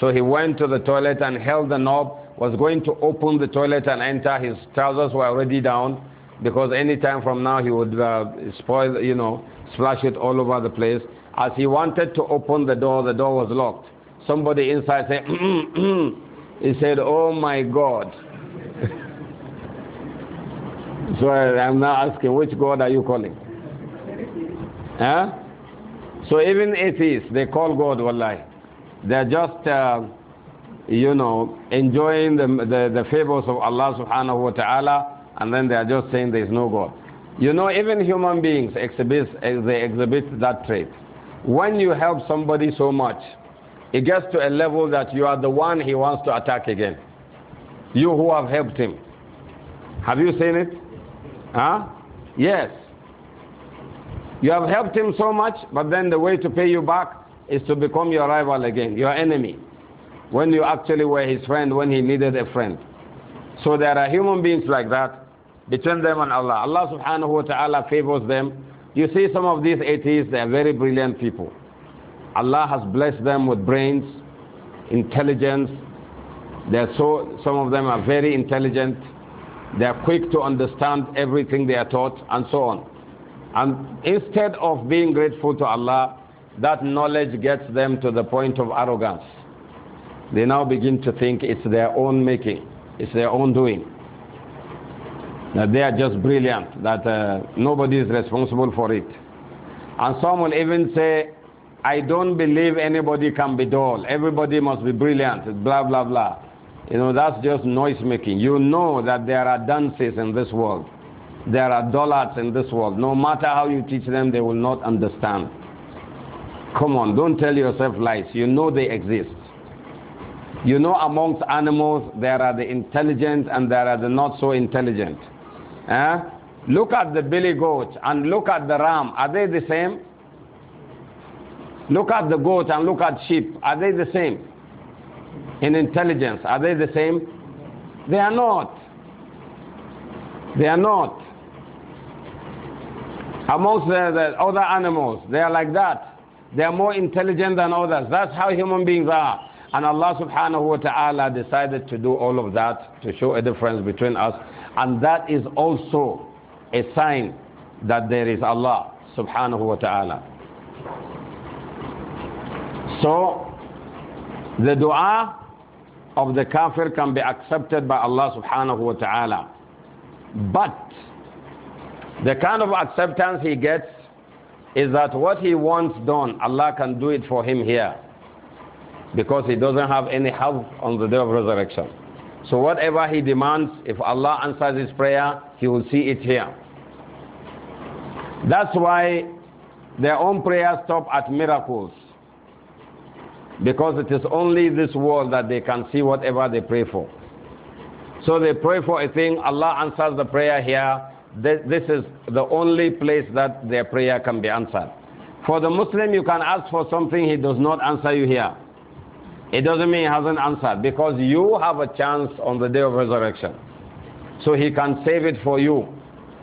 So he went to the toilet and held the knob, was going to open the toilet and enter. His trousers were already down because any time from now he would uh, spoil, you know, splash it all over the place. As he wanted to open the door, the door was locked. Somebody inside said, he said, oh my God. so I'm now asking, which God are you calling? Huh? So even atheists, they call God wallahi. They're just, uh, you know, enjoying the, the, the favors of Allah subhanahu wa ta'ala and then they're just saying there is no God. You know, even human beings exhibit, they exhibit that trait. When you help somebody so much, it gets to a level that you are the one he wants to attack again. You who have helped him. Have you seen it? Huh? Yes. You have helped him so much, but then the way to pay you back is to become your rival again, your enemy, when you actually were his friend, when he needed a friend. So there are human beings like that between them and Allah. Allah subhanahu wa ta'ala favors them. You see some of these atheists, they are very brilliant people. Allah has blessed them with brains, intelligence. They're so, some of them are very intelligent. They are quick to understand everything they are taught, and so on. And instead of being grateful to Allah, that knowledge gets them to the point of arrogance. They now begin to think it's their own making, it's their own doing. That they are just brilliant, that uh, nobody is responsible for it. And some will even say, I don't believe anybody can be dull. Everybody must be brilliant, blah, blah, blah. You know, that's just noise making. You know that there are dunces in this world. There are dullards in this world. No matter how you teach them, they will not understand. Come on, don't tell yourself lies. You know they exist. You know, amongst animals, there are the intelligent and there are the not so intelligent. Eh? Look at the billy goat and look at the ram. Are they the same? Look at the goat and look at sheep. Are they the same? In intelligence, are they the same? They are not. They are not. Amongst the, the other animals, they are like that. They are more intelligent than others. That's how human beings are. And Allah subhanahu wa ta'ala decided to do all of that to show a difference between us. And that is also a sign that there is Allah subhanahu wa ta'ala. So, the dua of the kafir can be accepted by Allah subhanahu wa ta'ala. But the kind of acceptance he gets is that what he wants done, Allah can do it for him here. Because he doesn't have any help on the day of resurrection. So whatever he demands, if Allah answers his prayer, he will see it here. That's why their own prayers stop at miracles. Because it is only this world that they can see whatever they pray for. So they pray for a thing, Allah answers the prayer here. This is the only place that their prayer can be answered. For the Muslim, you can ask for something, he does not answer you here. It doesn't mean he hasn't answered because you have a chance on the day of resurrection. So he can save it for you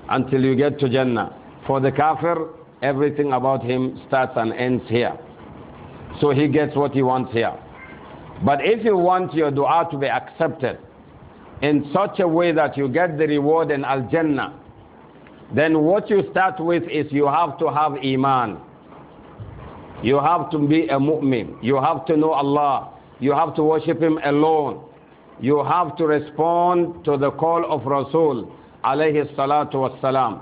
until you get to Jannah. For the kafir, everything about him starts and ends here. So he gets what he wants here. But if you want your dua to be accepted in such a way that you get the reward in Al Jannah, then what you start with is you have to have Iman. You have to be a mu'min. You have to know Allah. You have to worship Him alone. You have to respond to the call of Rasul alayhi salatu wassalam.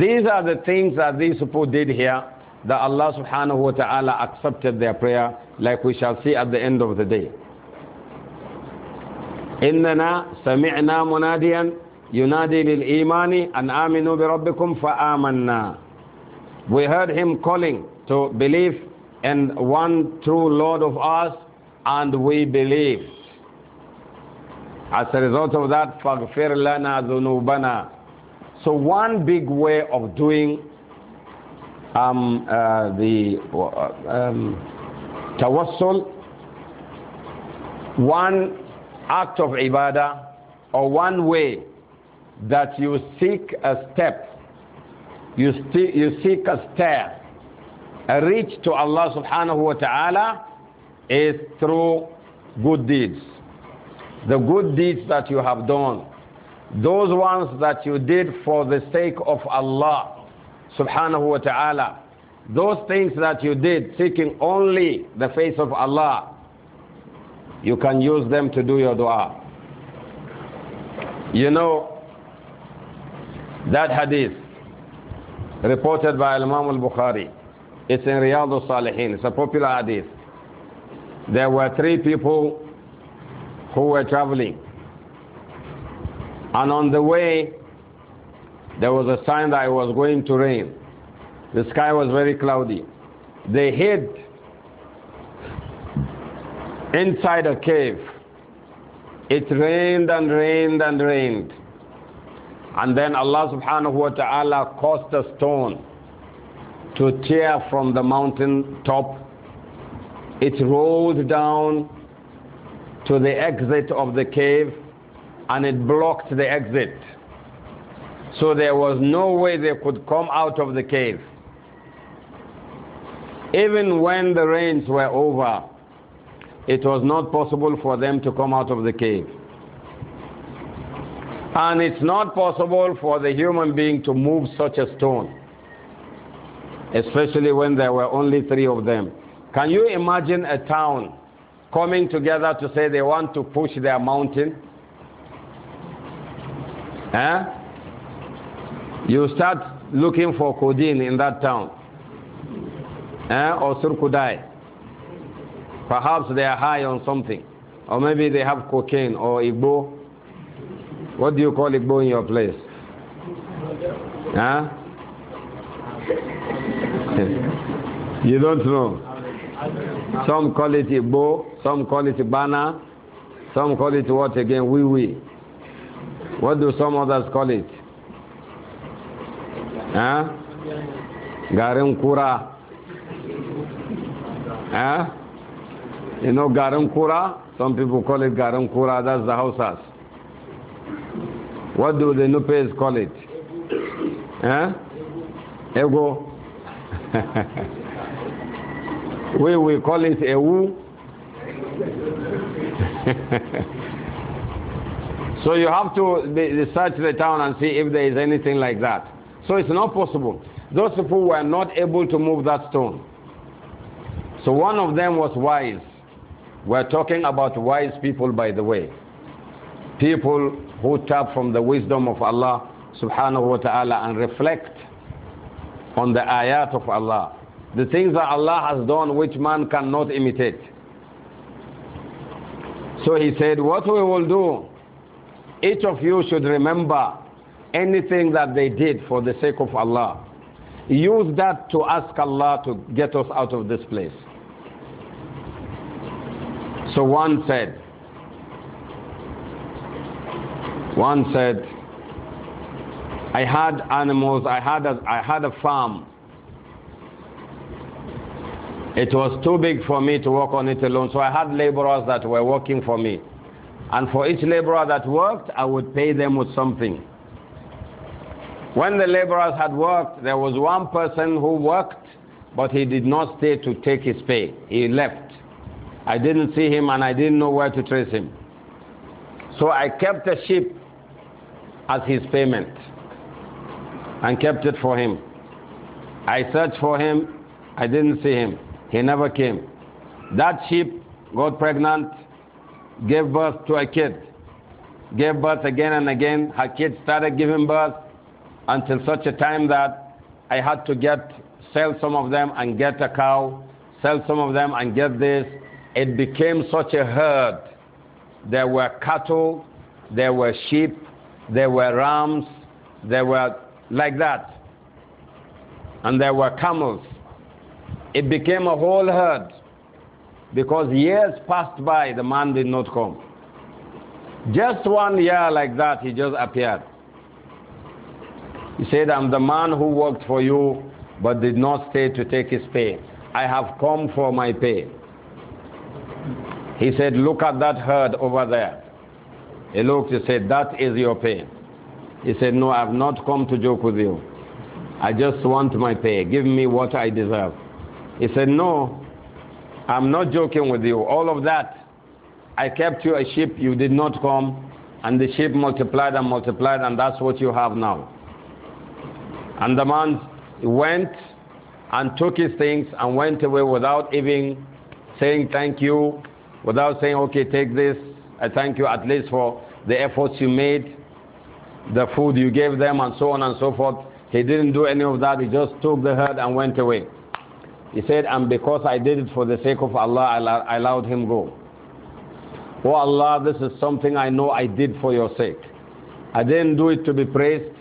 These are the things that these people did here that Allah subhanahu wa ta'ala accepted their prayer like we shall see at the end of the day. إِنَّنَا سَمِعْنَا مُنَادِيًا يُنَادِي لِلْإِيمَانِ أَنْ آمِنُوا بِرَبِّكُمْ فَآمَنَّا We heard him calling to believe in one true Lord of us and we believed. As a result of that, فَغْفِرْ لَنَا ذُنُوبَنَا So one big way of doing um, uh, the um, tawassul, one act of ibadah or one way that you seek a step, you, you seek a stair, a reach to Allah subhanahu wa ta'ala is through good deeds. The good deeds that you have done, those ones that you did for the sake of Allah subhanahu wa ta'ala. Those things that you did seeking only the face of Allah, you can use them to do your dua. You know, that hadith reported by Imam al-Bukhari, it's in Riyadh al-Salihin, it's a popular hadith. There were three people who were traveling. And on the way, there was a sign that it was going to rain. The sky was very cloudy. They hid inside a cave. It rained and rained and rained. And then Allah subhanahu wa ta'ala caused a stone to tear from the mountain top. It rolled down to the exit of the cave and it blocked the exit. So there was no way they could come out of the cave. Even when the rains were over, it was not possible for them to come out of the cave. And it's not possible for the human being to move such a stone, especially when there were only three of them. Can you imagine a town coming together to say they want to push their mountain? Huh? You start looking for Kodin in that town eh? or Surkudai. Perhaps they are high on something, or maybe they have cocaine or Igbo. What do you call Igbo in your place? Huh? Eh? you don't know. Some call it Igbo, some call it Bana, some call it what again? Wee wee. What do some others call it? ha garin kura you know garin kura some people call it garin kura that's the houses. what do the nupes call it eh? ego we we call it ewu so you have to search the town and see if there is anything like that so it's not possible. Those people were not able to move that stone. So one of them was wise. We're talking about wise people, by the way. People who tap from the wisdom of Allah subhanahu wa ta'ala and reflect on the ayat of Allah. The things that Allah has done which man cannot imitate. So he said, What we will do, each of you should remember anything that they did for the sake of Allah. Use that to ask Allah to get us out of this place. So one said, one said, I had animals, I had a, I had a farm. It was too big for me to work on it alone, so I had laborers that were working for me. And for each laborer that worked, I would pay them with something. When the laborers had worked, there was one person who worked, but he did not stay to take his pay. He left. I didn't see him and I didn't know where to trace him. So I kept the sheep as his payment and kept it for him. I searched for him. I didn't see him. He never came. That sheep got pregnant, gave birth to a kid, gave birth again and again. Her kid started giving birth until such a time that I had to get sell some of them and get a cow, sell some of them and get this. It became such a herd. There were cattle, there were sheep, there were rams, there were like that. And there were camels. It became a whole herd because years passed by, the man did not come. Just one year like that, he just appeared. He said, I'm the man who worked for you but did not stay to take his pay. I have come for my pay. He said, Look at that herd over there. He looked, he said, That is your pay. He said, No, I've not come to joke with you. I just want my pay. Give me what I deserve. He said, No, I'm not joking with you. All of that, I kept you a sheep, you did not come, and the sheep multiplied and multiplied, and that's what you have now. And the man went and took his things and went away without even saying thank you, without saying, okay, take this, I thank you at least for the efforts you made, the food you gave them, and so on and so forth. He didn't do any of that. He just took the herd and went away. He said, and because I did it for the sake of Allah, I allowed him go. Oh Allah, this is something I know I did for your sake. I didn't do it to be praised.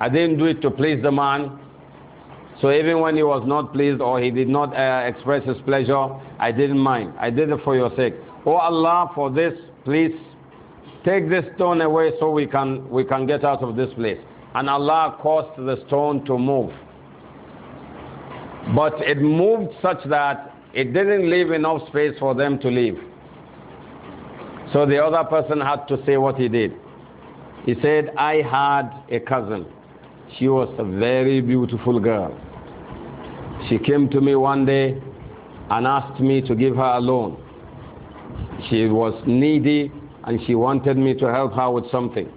I didn't do it to please the man. So even when he was not pleased or he did not uh, express his pleasure, I didn't mind. I did it for your sake. Oh Allah, for this, please take this stone away so we can, we can get out of this place. And Allah caused the stone to move. But it moved such that it didn't leave enough space for them to leave. So the other person had to say what he did. He said, I had a cousin. She was a very beautiful girl. She came to me one day and asked me to give her a loan. She was needy and she wanted me to help her with something.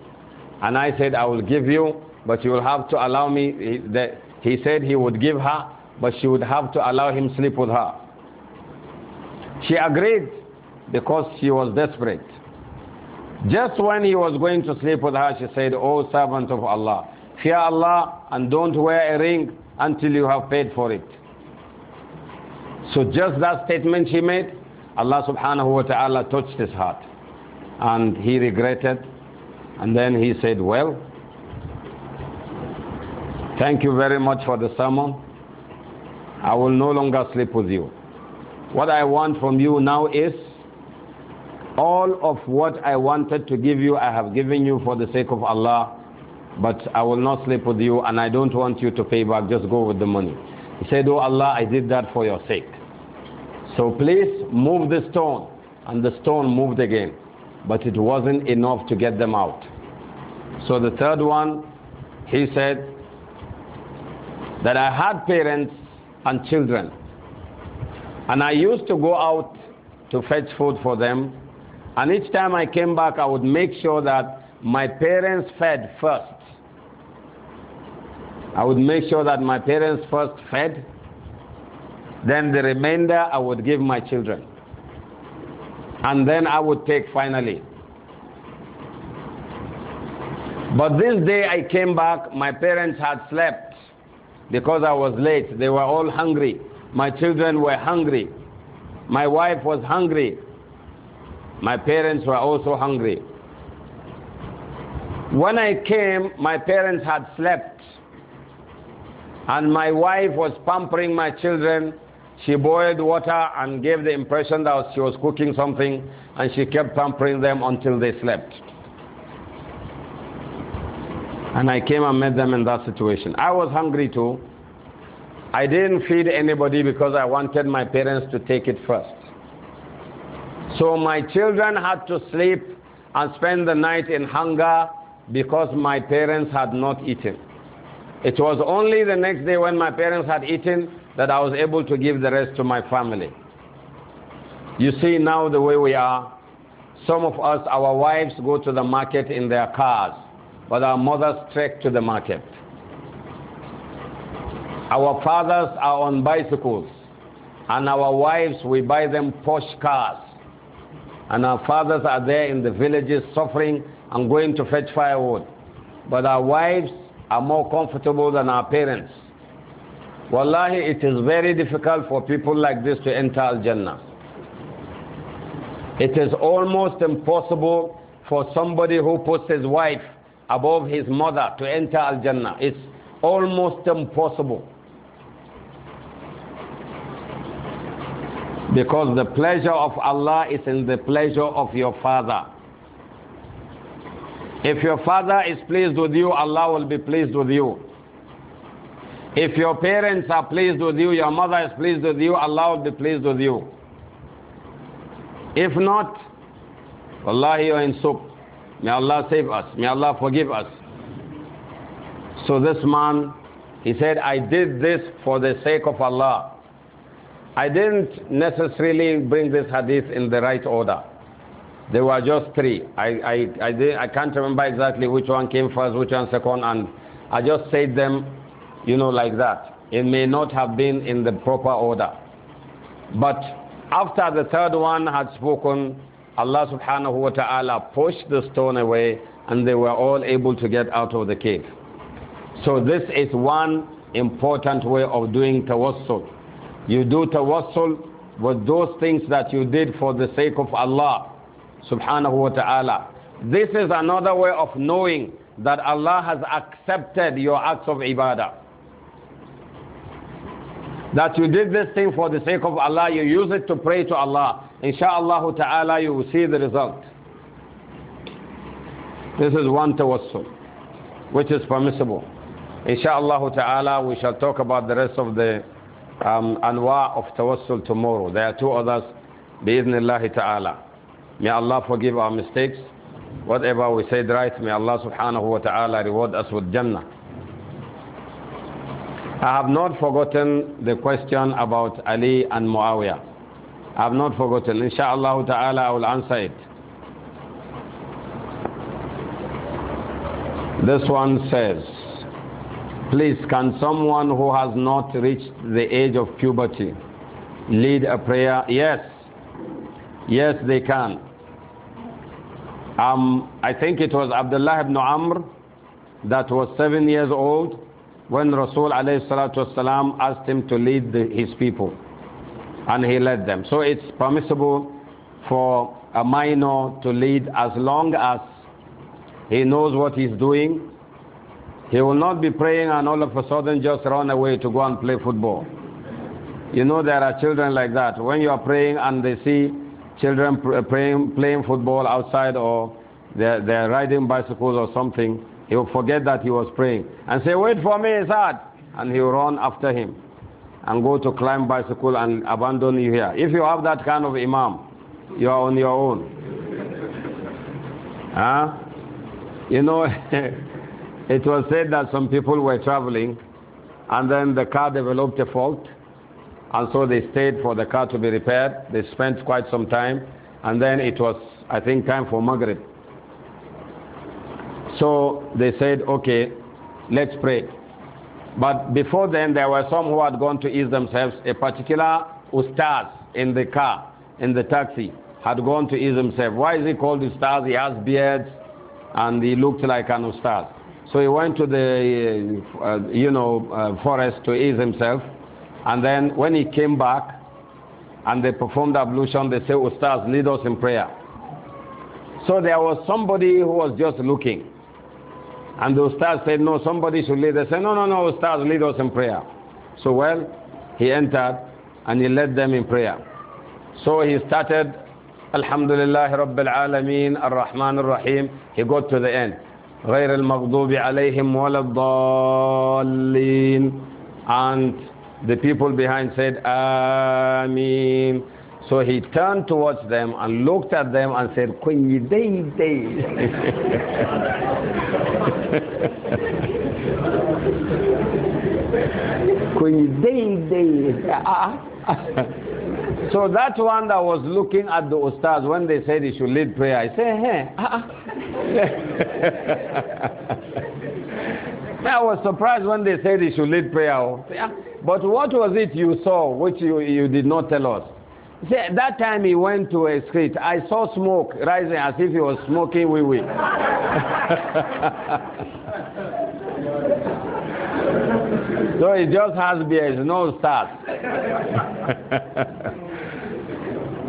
And I said, I will give you, but you will have to allow me. He said he would give her, but she would have to allow him sleep with her. She agreed because she was desperate. Just when he was going to sleep with her, she said, O servant of Allah, Fear Allah and don't wear a ring until you have paid for it. So just that statement she made, Allah subhanahu wa ta'ala touched his heart. And he regretted. And then he said, well, thank you very much for the sermon. I will no longer sleep with you. What I want from you now is all of what I wanted to give you, I have given you for the sake of Allah but I will not sleep with you and I don't want you to pay back, just go with the money. He said, Oh Allah, I did that for your sake. So please move the stone. And the stone moved again. But it wasn't enough to get them out. So the third one, he said that I had parents and children. And I used to go out to fetch food for them. And each time I came back, I would make sure that my parents fed first I would make sure that my parents first fed, then the remainder I would give my children. And then I would take finally. But this day I came back, my parents had slept because I was late. They were all hungry. My children were hungry. My wife was hungry. My parents were also hungry. When I came, my parents had slept and my wife was pampering my children. She boiled water and gave the impression that she was cooking something, and she kept pampering them until they slept. And I came and met them in that situation. I was hungry too. I didn't feed anybody because I wanted my parents to take it first. So my children had to sleep and spend the night in hunger because my parents had not eaten. It was only the next day when my parents had eaten that I was able to give the rest to my family. You see now the way we are. Some of us, our wives go to the market in their cars, but our mothers trek to the market. Our fathers are on bicycles, and our wives, we buy them posh cars. And our fathers are there in the villages suffering and going to fetch firewood. But our wives, are more comfortable than our parents. Wallahi, it is very difficult for people like this to enter Al Jannah. It is almost impossible for somebody who puts his wife above his mother to enter Al Jannah. It's almost impossible. Because the pleasure of Allah is in the pleasure of your father. If your father is pleased with you, Allah will be pleased with you. If your parents are pleased with you, your mother is pleased with you, Allah will be pleased with you. If not, Allah, you are in soup. May Allah save us. May Allah forgive us. So this man, he said, I did this for the sake of Allah. I didn't necessarily bring this hadith in the right order. There were just three. I, I, I, did, I can't remember exactly which one came first, which one second, and I just said them, you know, like that. It may not have been in the proper order. But after the third one had spoken, Allah subhanahu wa ta'ala pushed the stone away and they were all able to get out of the cave. So this is one important way of doing tawassul. You do tawassul with those things that you did for the sake of Allah subhanahu wa ta'ala. This is another way of knowing that Allah has accepted your acts of ibadah. That you did this thing for the sake of Allah, you use it to pray to Allah. Insha'Allah ta'ala, you will see the result. This is one tawassul, which is permissible. Insha'Allah ta'ala, we shall talk about the rest of the um, anwa of tawassul tomorrow. There are two others, bi'idhnillahi ta'ala. May Allah forgive our mistakes. Whatever we said right, may Allah subhanahu wa ta'ala reward us with Jannah. I have not forgotten the question about Ali and Muawiyah. I have not forgotten. Insha'Allah ta'ala, I will answer it. This one says, Please, can someone who has not reached the age of puberty lead a prayer? Yes. Yes, they can. Um, I think it was Abdullah ibn Amr that was seven years old when Rasul والسلام, asked him to lead the, his people and he led them. So it's permissible for a minor to lead as long as he knows what he's doing. He will not be praying and all of a sudden just run away to go and play football. You know, there are children like that. When you are praying and they see children playing, playing football outside or they're, they're riding bicycles or something, he will forget that he was praying and say, Wait for me, Isad. And he'll run after him and go to climb bicycle and abandon you here. If you have that kind of imam, you are on your own. huh? You know, it was said that some people were traveling and then the car developed a fault and so they stayed for the car to be repaired. They spent quite some time. And then it was, I think, time for Maghrib. So they said, okay, let's pray. But before then, there were some who had gone to ease themselves. A particular ustaz in the car, in the taxi, had gone to ease himself. Why is he called ustaz? He has beards and he looked like an ustaz. So he went to the, uh, you know, uh, forest to ease himself and then when he came back and they performed ablution, they say, Ustaz, lead us in prayer. So there was somebody who was just looking. And the Ustaz said, No, somebody should lead. They said, No, no, no, Ustaz, lead us in prayer. So, well, he entered and he led them in prayer. So he started, Alhamdulillah, Rabbil Alameen, Ar Rahman Ar Rahim. He got to the end. غير المغضوب عليهم ولا الضالين and the people behind said, "Amin." So he turned towards them and looked at them and said, Kunyi day day. Kunyi day day. So that one that was looking at the ustaz when they said he should lead prayer, I say, hey, uh-uh. I was surprised when they said he should lead prayer. But what was it you saw which you, you did not tell us? See, that time he went to a street. I saw smoke rising as if he was smoking wee wee. so he just has beer, no start.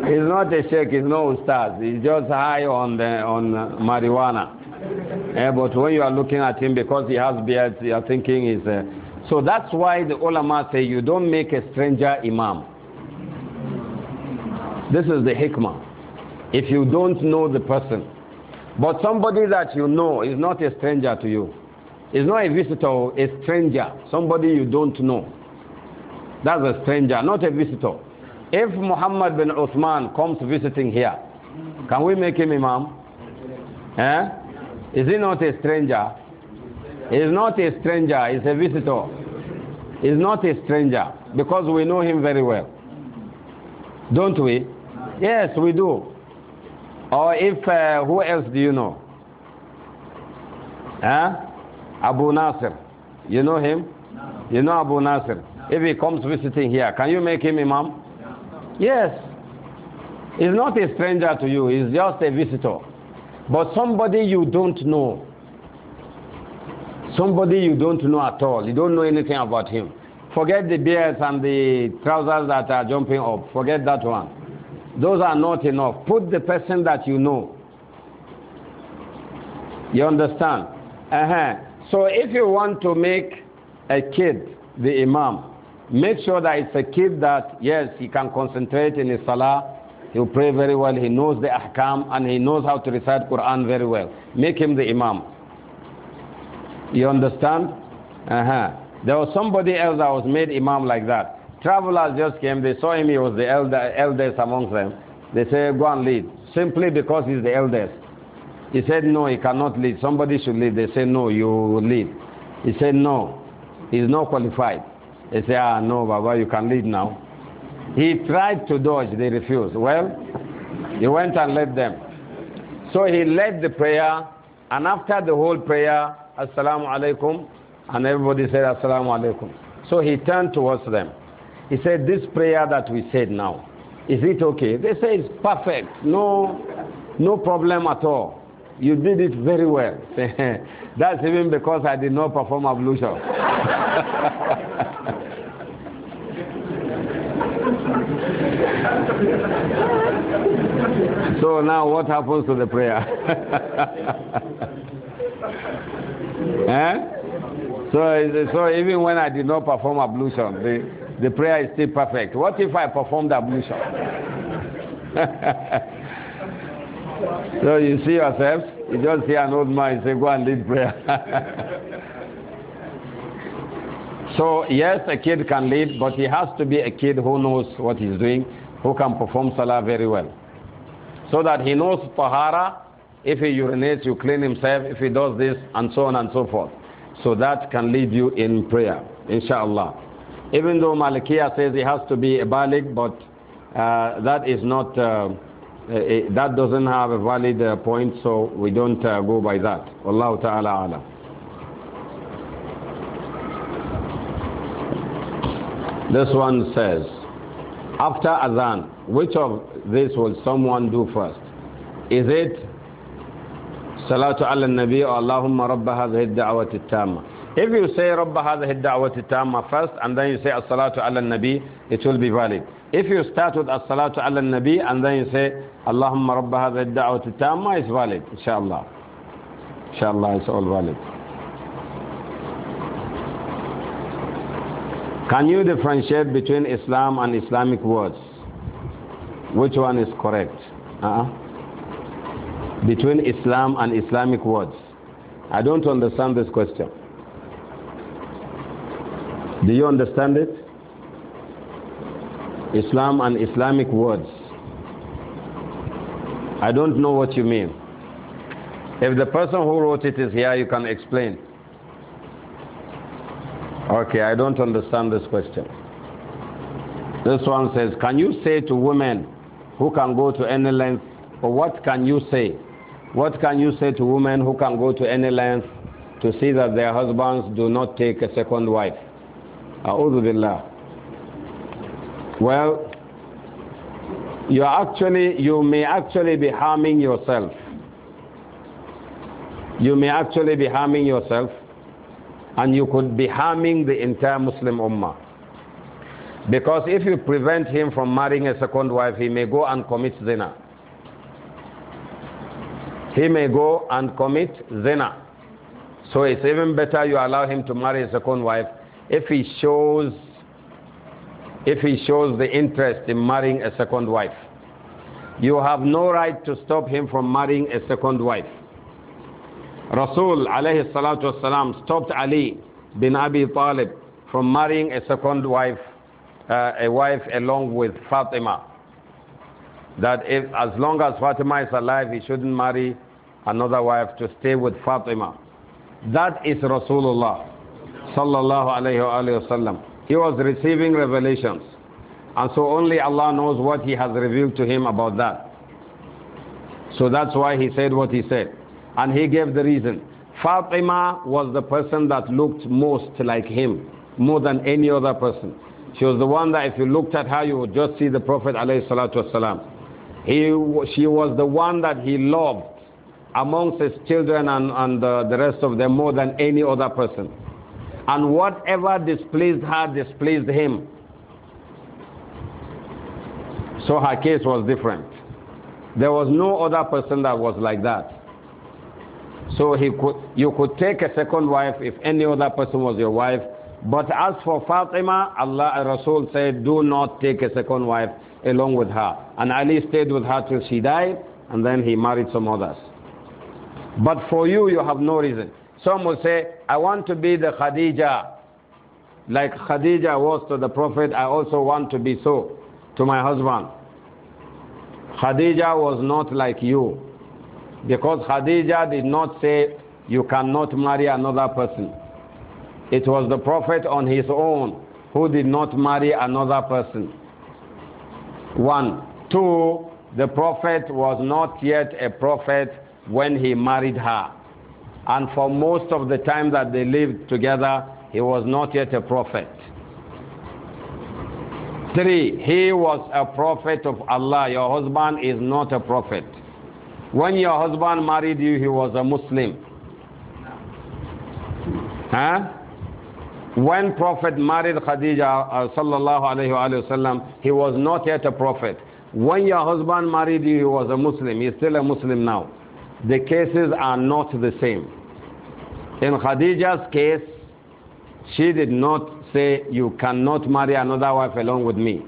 it's not a shake, it's no start. He's just high on the on marijuana. Yeah, but when you are looking at him because he has beard, you are thinking he's a, so that's why the ulama say you don't make a stranger imam. This is the hikmah. If you don't know the person, but somebody that you know is not a stranger to you, is not a visitor, a stranger, somebody you don't know. That's a stranger, not a visitor. If Muhammad bin Uthman comes visiting here, can we make him imam? Eh? Is he not a stranger? He is not a stranger, he's a visitor. He's not a stranger because we know him very well. Don't we? Yes, we do. Or if, uh, who else do you know? Huh? Abu Nasir. You know him? You know Abu Nasir. If he comes visiting here, can you make him Imam? Yes. He's not a stranger to you, he's just a visitor. But somebody you don't know. Somebody you don't know at all. You don't know anything about him. Forget the beards and the trousers that are jumping up. Forget that one. Those are not enough. Put the person that you know. You understand? Uh-huh. So if you want to make a kid the imam, make sure that it's a kid that, yes, he can concentrate in his salah, he'll pray very well, he knows the ahkam, and he knows how to recite Quran very well. Make him the imam. You understand? Uh-huh. There was somebody else that was made imam like that. Travelers just came, they saw him, he was the elder, eldest amongst them. They said, go and lead, simply because he's the eldest. He said, no, he cannot lead. Somebody should lead. They said, no, you lead. He said, no, he's not qualified. They said, ah, no, Baba, you can lead now. He tried to dodge, they refused. Well, he went and led them. So he led the prayer, and after the whole prayer, Assalamu alaikum. And everybody said, Assalamu alaikum. So he turned towards them. He said, This prayer that we said now, is it okay? They say it's perfect. No, no problem at all. You did it very well. That's even because I did not perform ablution. so now what happens to the prayer? Eh? So, so even when I did not perform ablution, the, the prayer is still perfect. What if I performed ablution? so you see yourselves, you just see an old man say, go and lead prayer. so yes, a kid can lead, but he has to be a kid who knows what he's doing, who can perform salah very well. So that he knows tahara if he urinates, you clean himself. If he does this, and so on and so forth. So that can lead you in prayer, inshallah. Even though Malikiya says it has to be a balig, but uh, that is not, uh, uh that doesn't have a valid uh, point, so we don't uh, go by that. Allah ta'ala alam. This one says, after Adhan, which of this will someone do first? Is it Salatu ala nabi or Allahumma rabba hadhihi da'wati tamma. If you say rabba hadhihi da'wati tamma first and then you say as-salatu ala nabi, it will be valid. If you start with as-salatu ala nabi and then you say Allahumma rabba hadhihi da'wati tamma, it's valid, inshallah. Inshallah, it's all valid. Can you differentiate between Islam and Islamic words? Which one is correct? Uh between Islam and Islamic words? I don't understand this question. Do you understand it? Islam and Islamic words. I don't know what you mean. If the person who wrote it is here, you can explain. Okay, I don't understand this question. This one says, Can you say to women who can go to any length, or what can you say? What can you say to women who can go to any length to see that their husbands do not take a second wife? billah. Well, you are actually you may actually be harming yourself. You may actually be harming yourself and you could be harming the entire Muslim Ummah. Because if you prevent him from marrying a second wife, he may go and commit zina. He may go and commit zina. So it's even better you allow him to marry a second wife if he shows if he shows the interest in marrying a second wife. You have no right to stop him from marrying a second wife. Rasul alayhi salatu wasalam stopped Ali bin Abi Talib from marrying a second wife, uh, a wife along with Fatima. That if, as long as Fatima is alive, he shouldn't marry another wife to stay with Fatima. That is Rasulullah sallallahu alayhi wasallam. He was receiving revelations. And so only Allah knows what He has revealed to him about that. So that's why he said what he said. And he gave the reason. Fatima was the person that looked most like him, more than any other person. She was the one that if you looked at her, you would just see the Prophet ﷺ. He, she was the one that he loved amongst his children and, and the, the rest of them more than any other person. And whatever displeased her displeased him. So her case was different. There was no other person that was like that. So he could, you could take a second wife if any other person was your wife. But as for Fatima, Allah Rasul said, do not take a second wife along with her. And Ali stayed with her till she died, and then he married some others. But for you, you have no reason. Some will say, I want to be the Khadija. Like Khadija was to the Prophet, I also want to be so to my husband. Khadija was not like you. Because Khadija did not say, You cannot marry another person. It was the Prophet on his own who did not marry another person. One. Two, the Prophet was not yet a prophet when he married her. And for most of the time that they lived together, he was not yet a prophet. Three, he was a prophet of Allah. Your husband is not a prophet. When your husband married you, he was a Muslim. Huh? When Prophet married Khadija, uh, sallallahu he was not yet a prophet. When your husband married you, he was a Muslim. He's still a Muslim now the cases are not the same. In Khadija's case, she did not say, You cannot marry another wife along with me.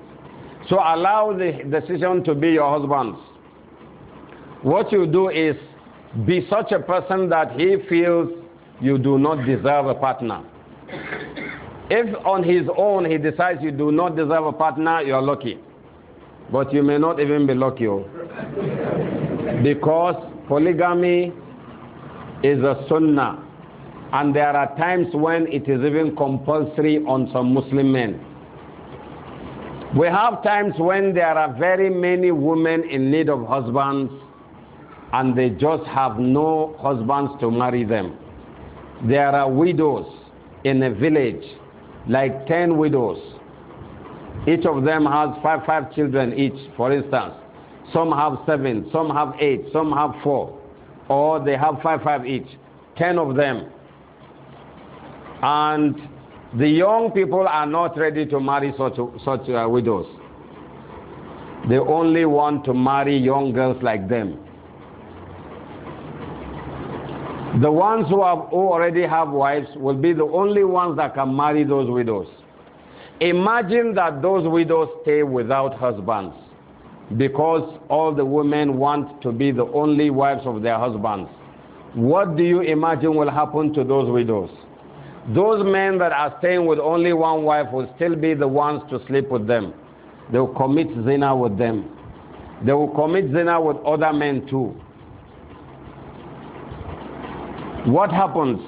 So allow the decision to be your husband's. What you do is be such a person that he feels you do not deserve a partner. If on his own he decides you do not deserve a partner, you're lucky. But you may not even be lucky. Oh. Because Polygamy is a sunnah, and there are times when it is even compulsory on some Muslim men. We have times when there are very many women in need of husbands, and they just have no husbands to marry them. There are widows in a village, like 10 widows. Each of them has five, five children each, for instance. Some have seven, some have eight, some have four, or they have five, five each. Ten of them. And the young people are not ready to marry such, such uh, widows. They only want to marry young girls like them. The ones who, have, who already have wives will be the only ones that can marry those widows. Imagine that those widows stay without husbands because all the women want to be the only wives of their husbands. What do you imagine will happen to those widows? Those men that are staying with only one wife will still be the ones to sleep with them. They will commit zina with them. They will commit zina with other men too. What happens?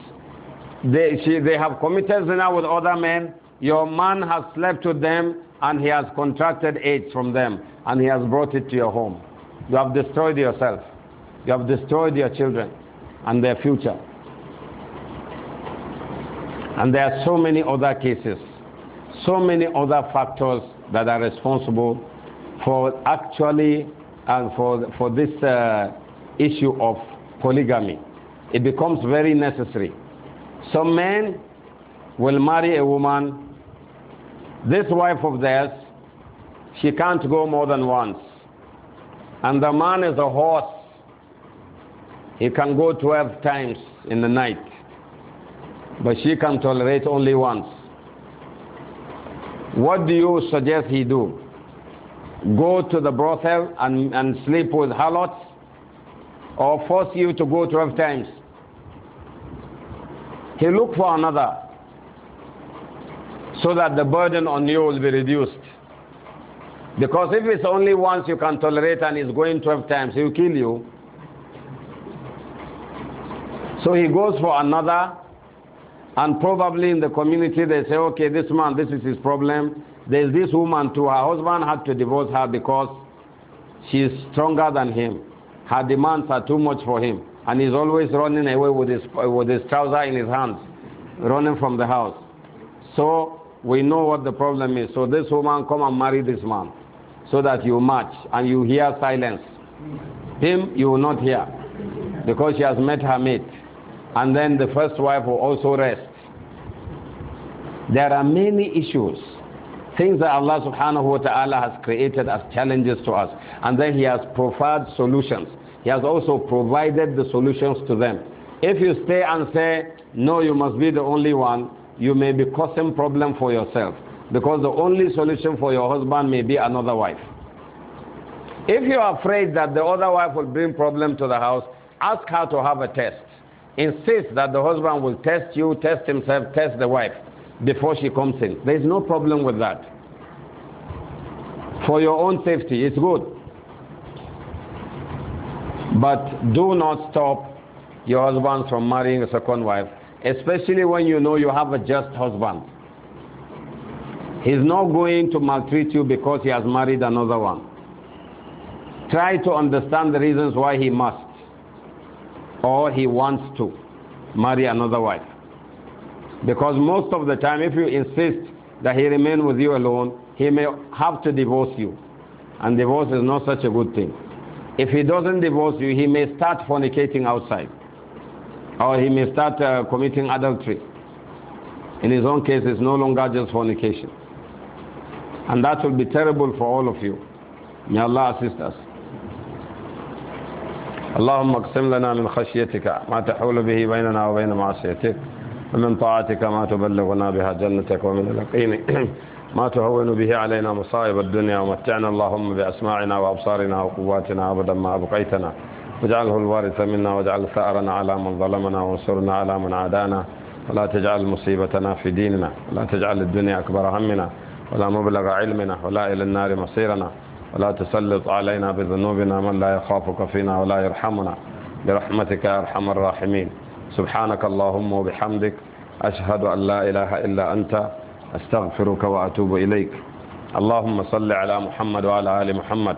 They, she, they have committed zina with other men. Your man has slept with them and he has contracted AIDS from them and he has brought it to your home. You have destroyed yourself. You have destroyed your children and their future. And there are so many other cases, so many other factors that are responsible for actually and uh, for, for this uh, issue of polygamy. It becomes very necessary. Some men will marry a woman this wife of theirs, she can't go more than once. And the man is a horse. He can go 12 times in the night. But she can tolerate only once. What do you suggest he do? Go to the brothel and, and sleep with harlots? Or force you to go 12 times? He look for another so that the burden on you will be reduced. Because if it's only once you can tolerate and he's going 12 times, he'll kill you. So he goes for another, and probably in the community they say, okay, this man, this is his problem. There's this woman too. Her husband had to divorce her because she's stronger than him. Her demands are too much for him. And he's always running away with his, with his trouser in his hands, running from the house. So we know what the problem is. So this woman, come and marry this man so that you match and you hear silence. Him, you will not hear because she has met her mate. And then the first wife will also rest. There are many issues, things that Allah subhanahu wa ta'ala has created as challenges to us. And then He has provided solutions. He has also provided the solutions to them. If you stay and say, no, you must be the only one, you may be causing problem for yourself because the only solution for your husband may be another wife. If you are afraid that the other wife will bring problem to the house, ask her to have a test. Insist that the husband will test you, test himself, test the wife before she comes in. There is no problem with that. For your own safety, it's good. But do not stop your husband from marrying a second wife especially when you know you have a just husband. He's not going to maltreat you because he has married another one. Try to understand the reasons why he must or he wants to marry another wife. Because most of the time, if you insist that he remain with you alone, he may have to divorce you. And divorce is not such a good thing. If he doesn't divorce you, he may start fornicating outside. Or he may start uh, committing adultery. In his own case, it's no longer just fornication. And that will be terrible for all of you. May Allah assist us. اللهم اقسم لنا من خشيتك ما تحول به بيننا وبين معصيتك ومن طاعتك ما تبلغنا بها جنتك ومن اليقين ما تهون به علينا مصائب الدنيا ومتعنا اللهم بأسماعنا وأبصارنا وقواتنا أبدا ما أبقيتنا واجعله الوارث منا واجعل ثأرنا على من ظلمنا وانصرنا على من عادانا ولا تجعل مصيبتنا في ديننا ولا تجعل الدنيا أكبر همنا ولا مبلغ علمنا ولا إلى النار مصيرنا ولا تسلط علينا بذنوبنا من لا يخافك فينا ولا يرحمنا برحمتك يا أرحم الراحمين سبحانك اللهم وبحمدك أشهد أن لا إله إلا أنت أستغفرك وأتوب إليك اللهم صل على محمد وعلى آل محمد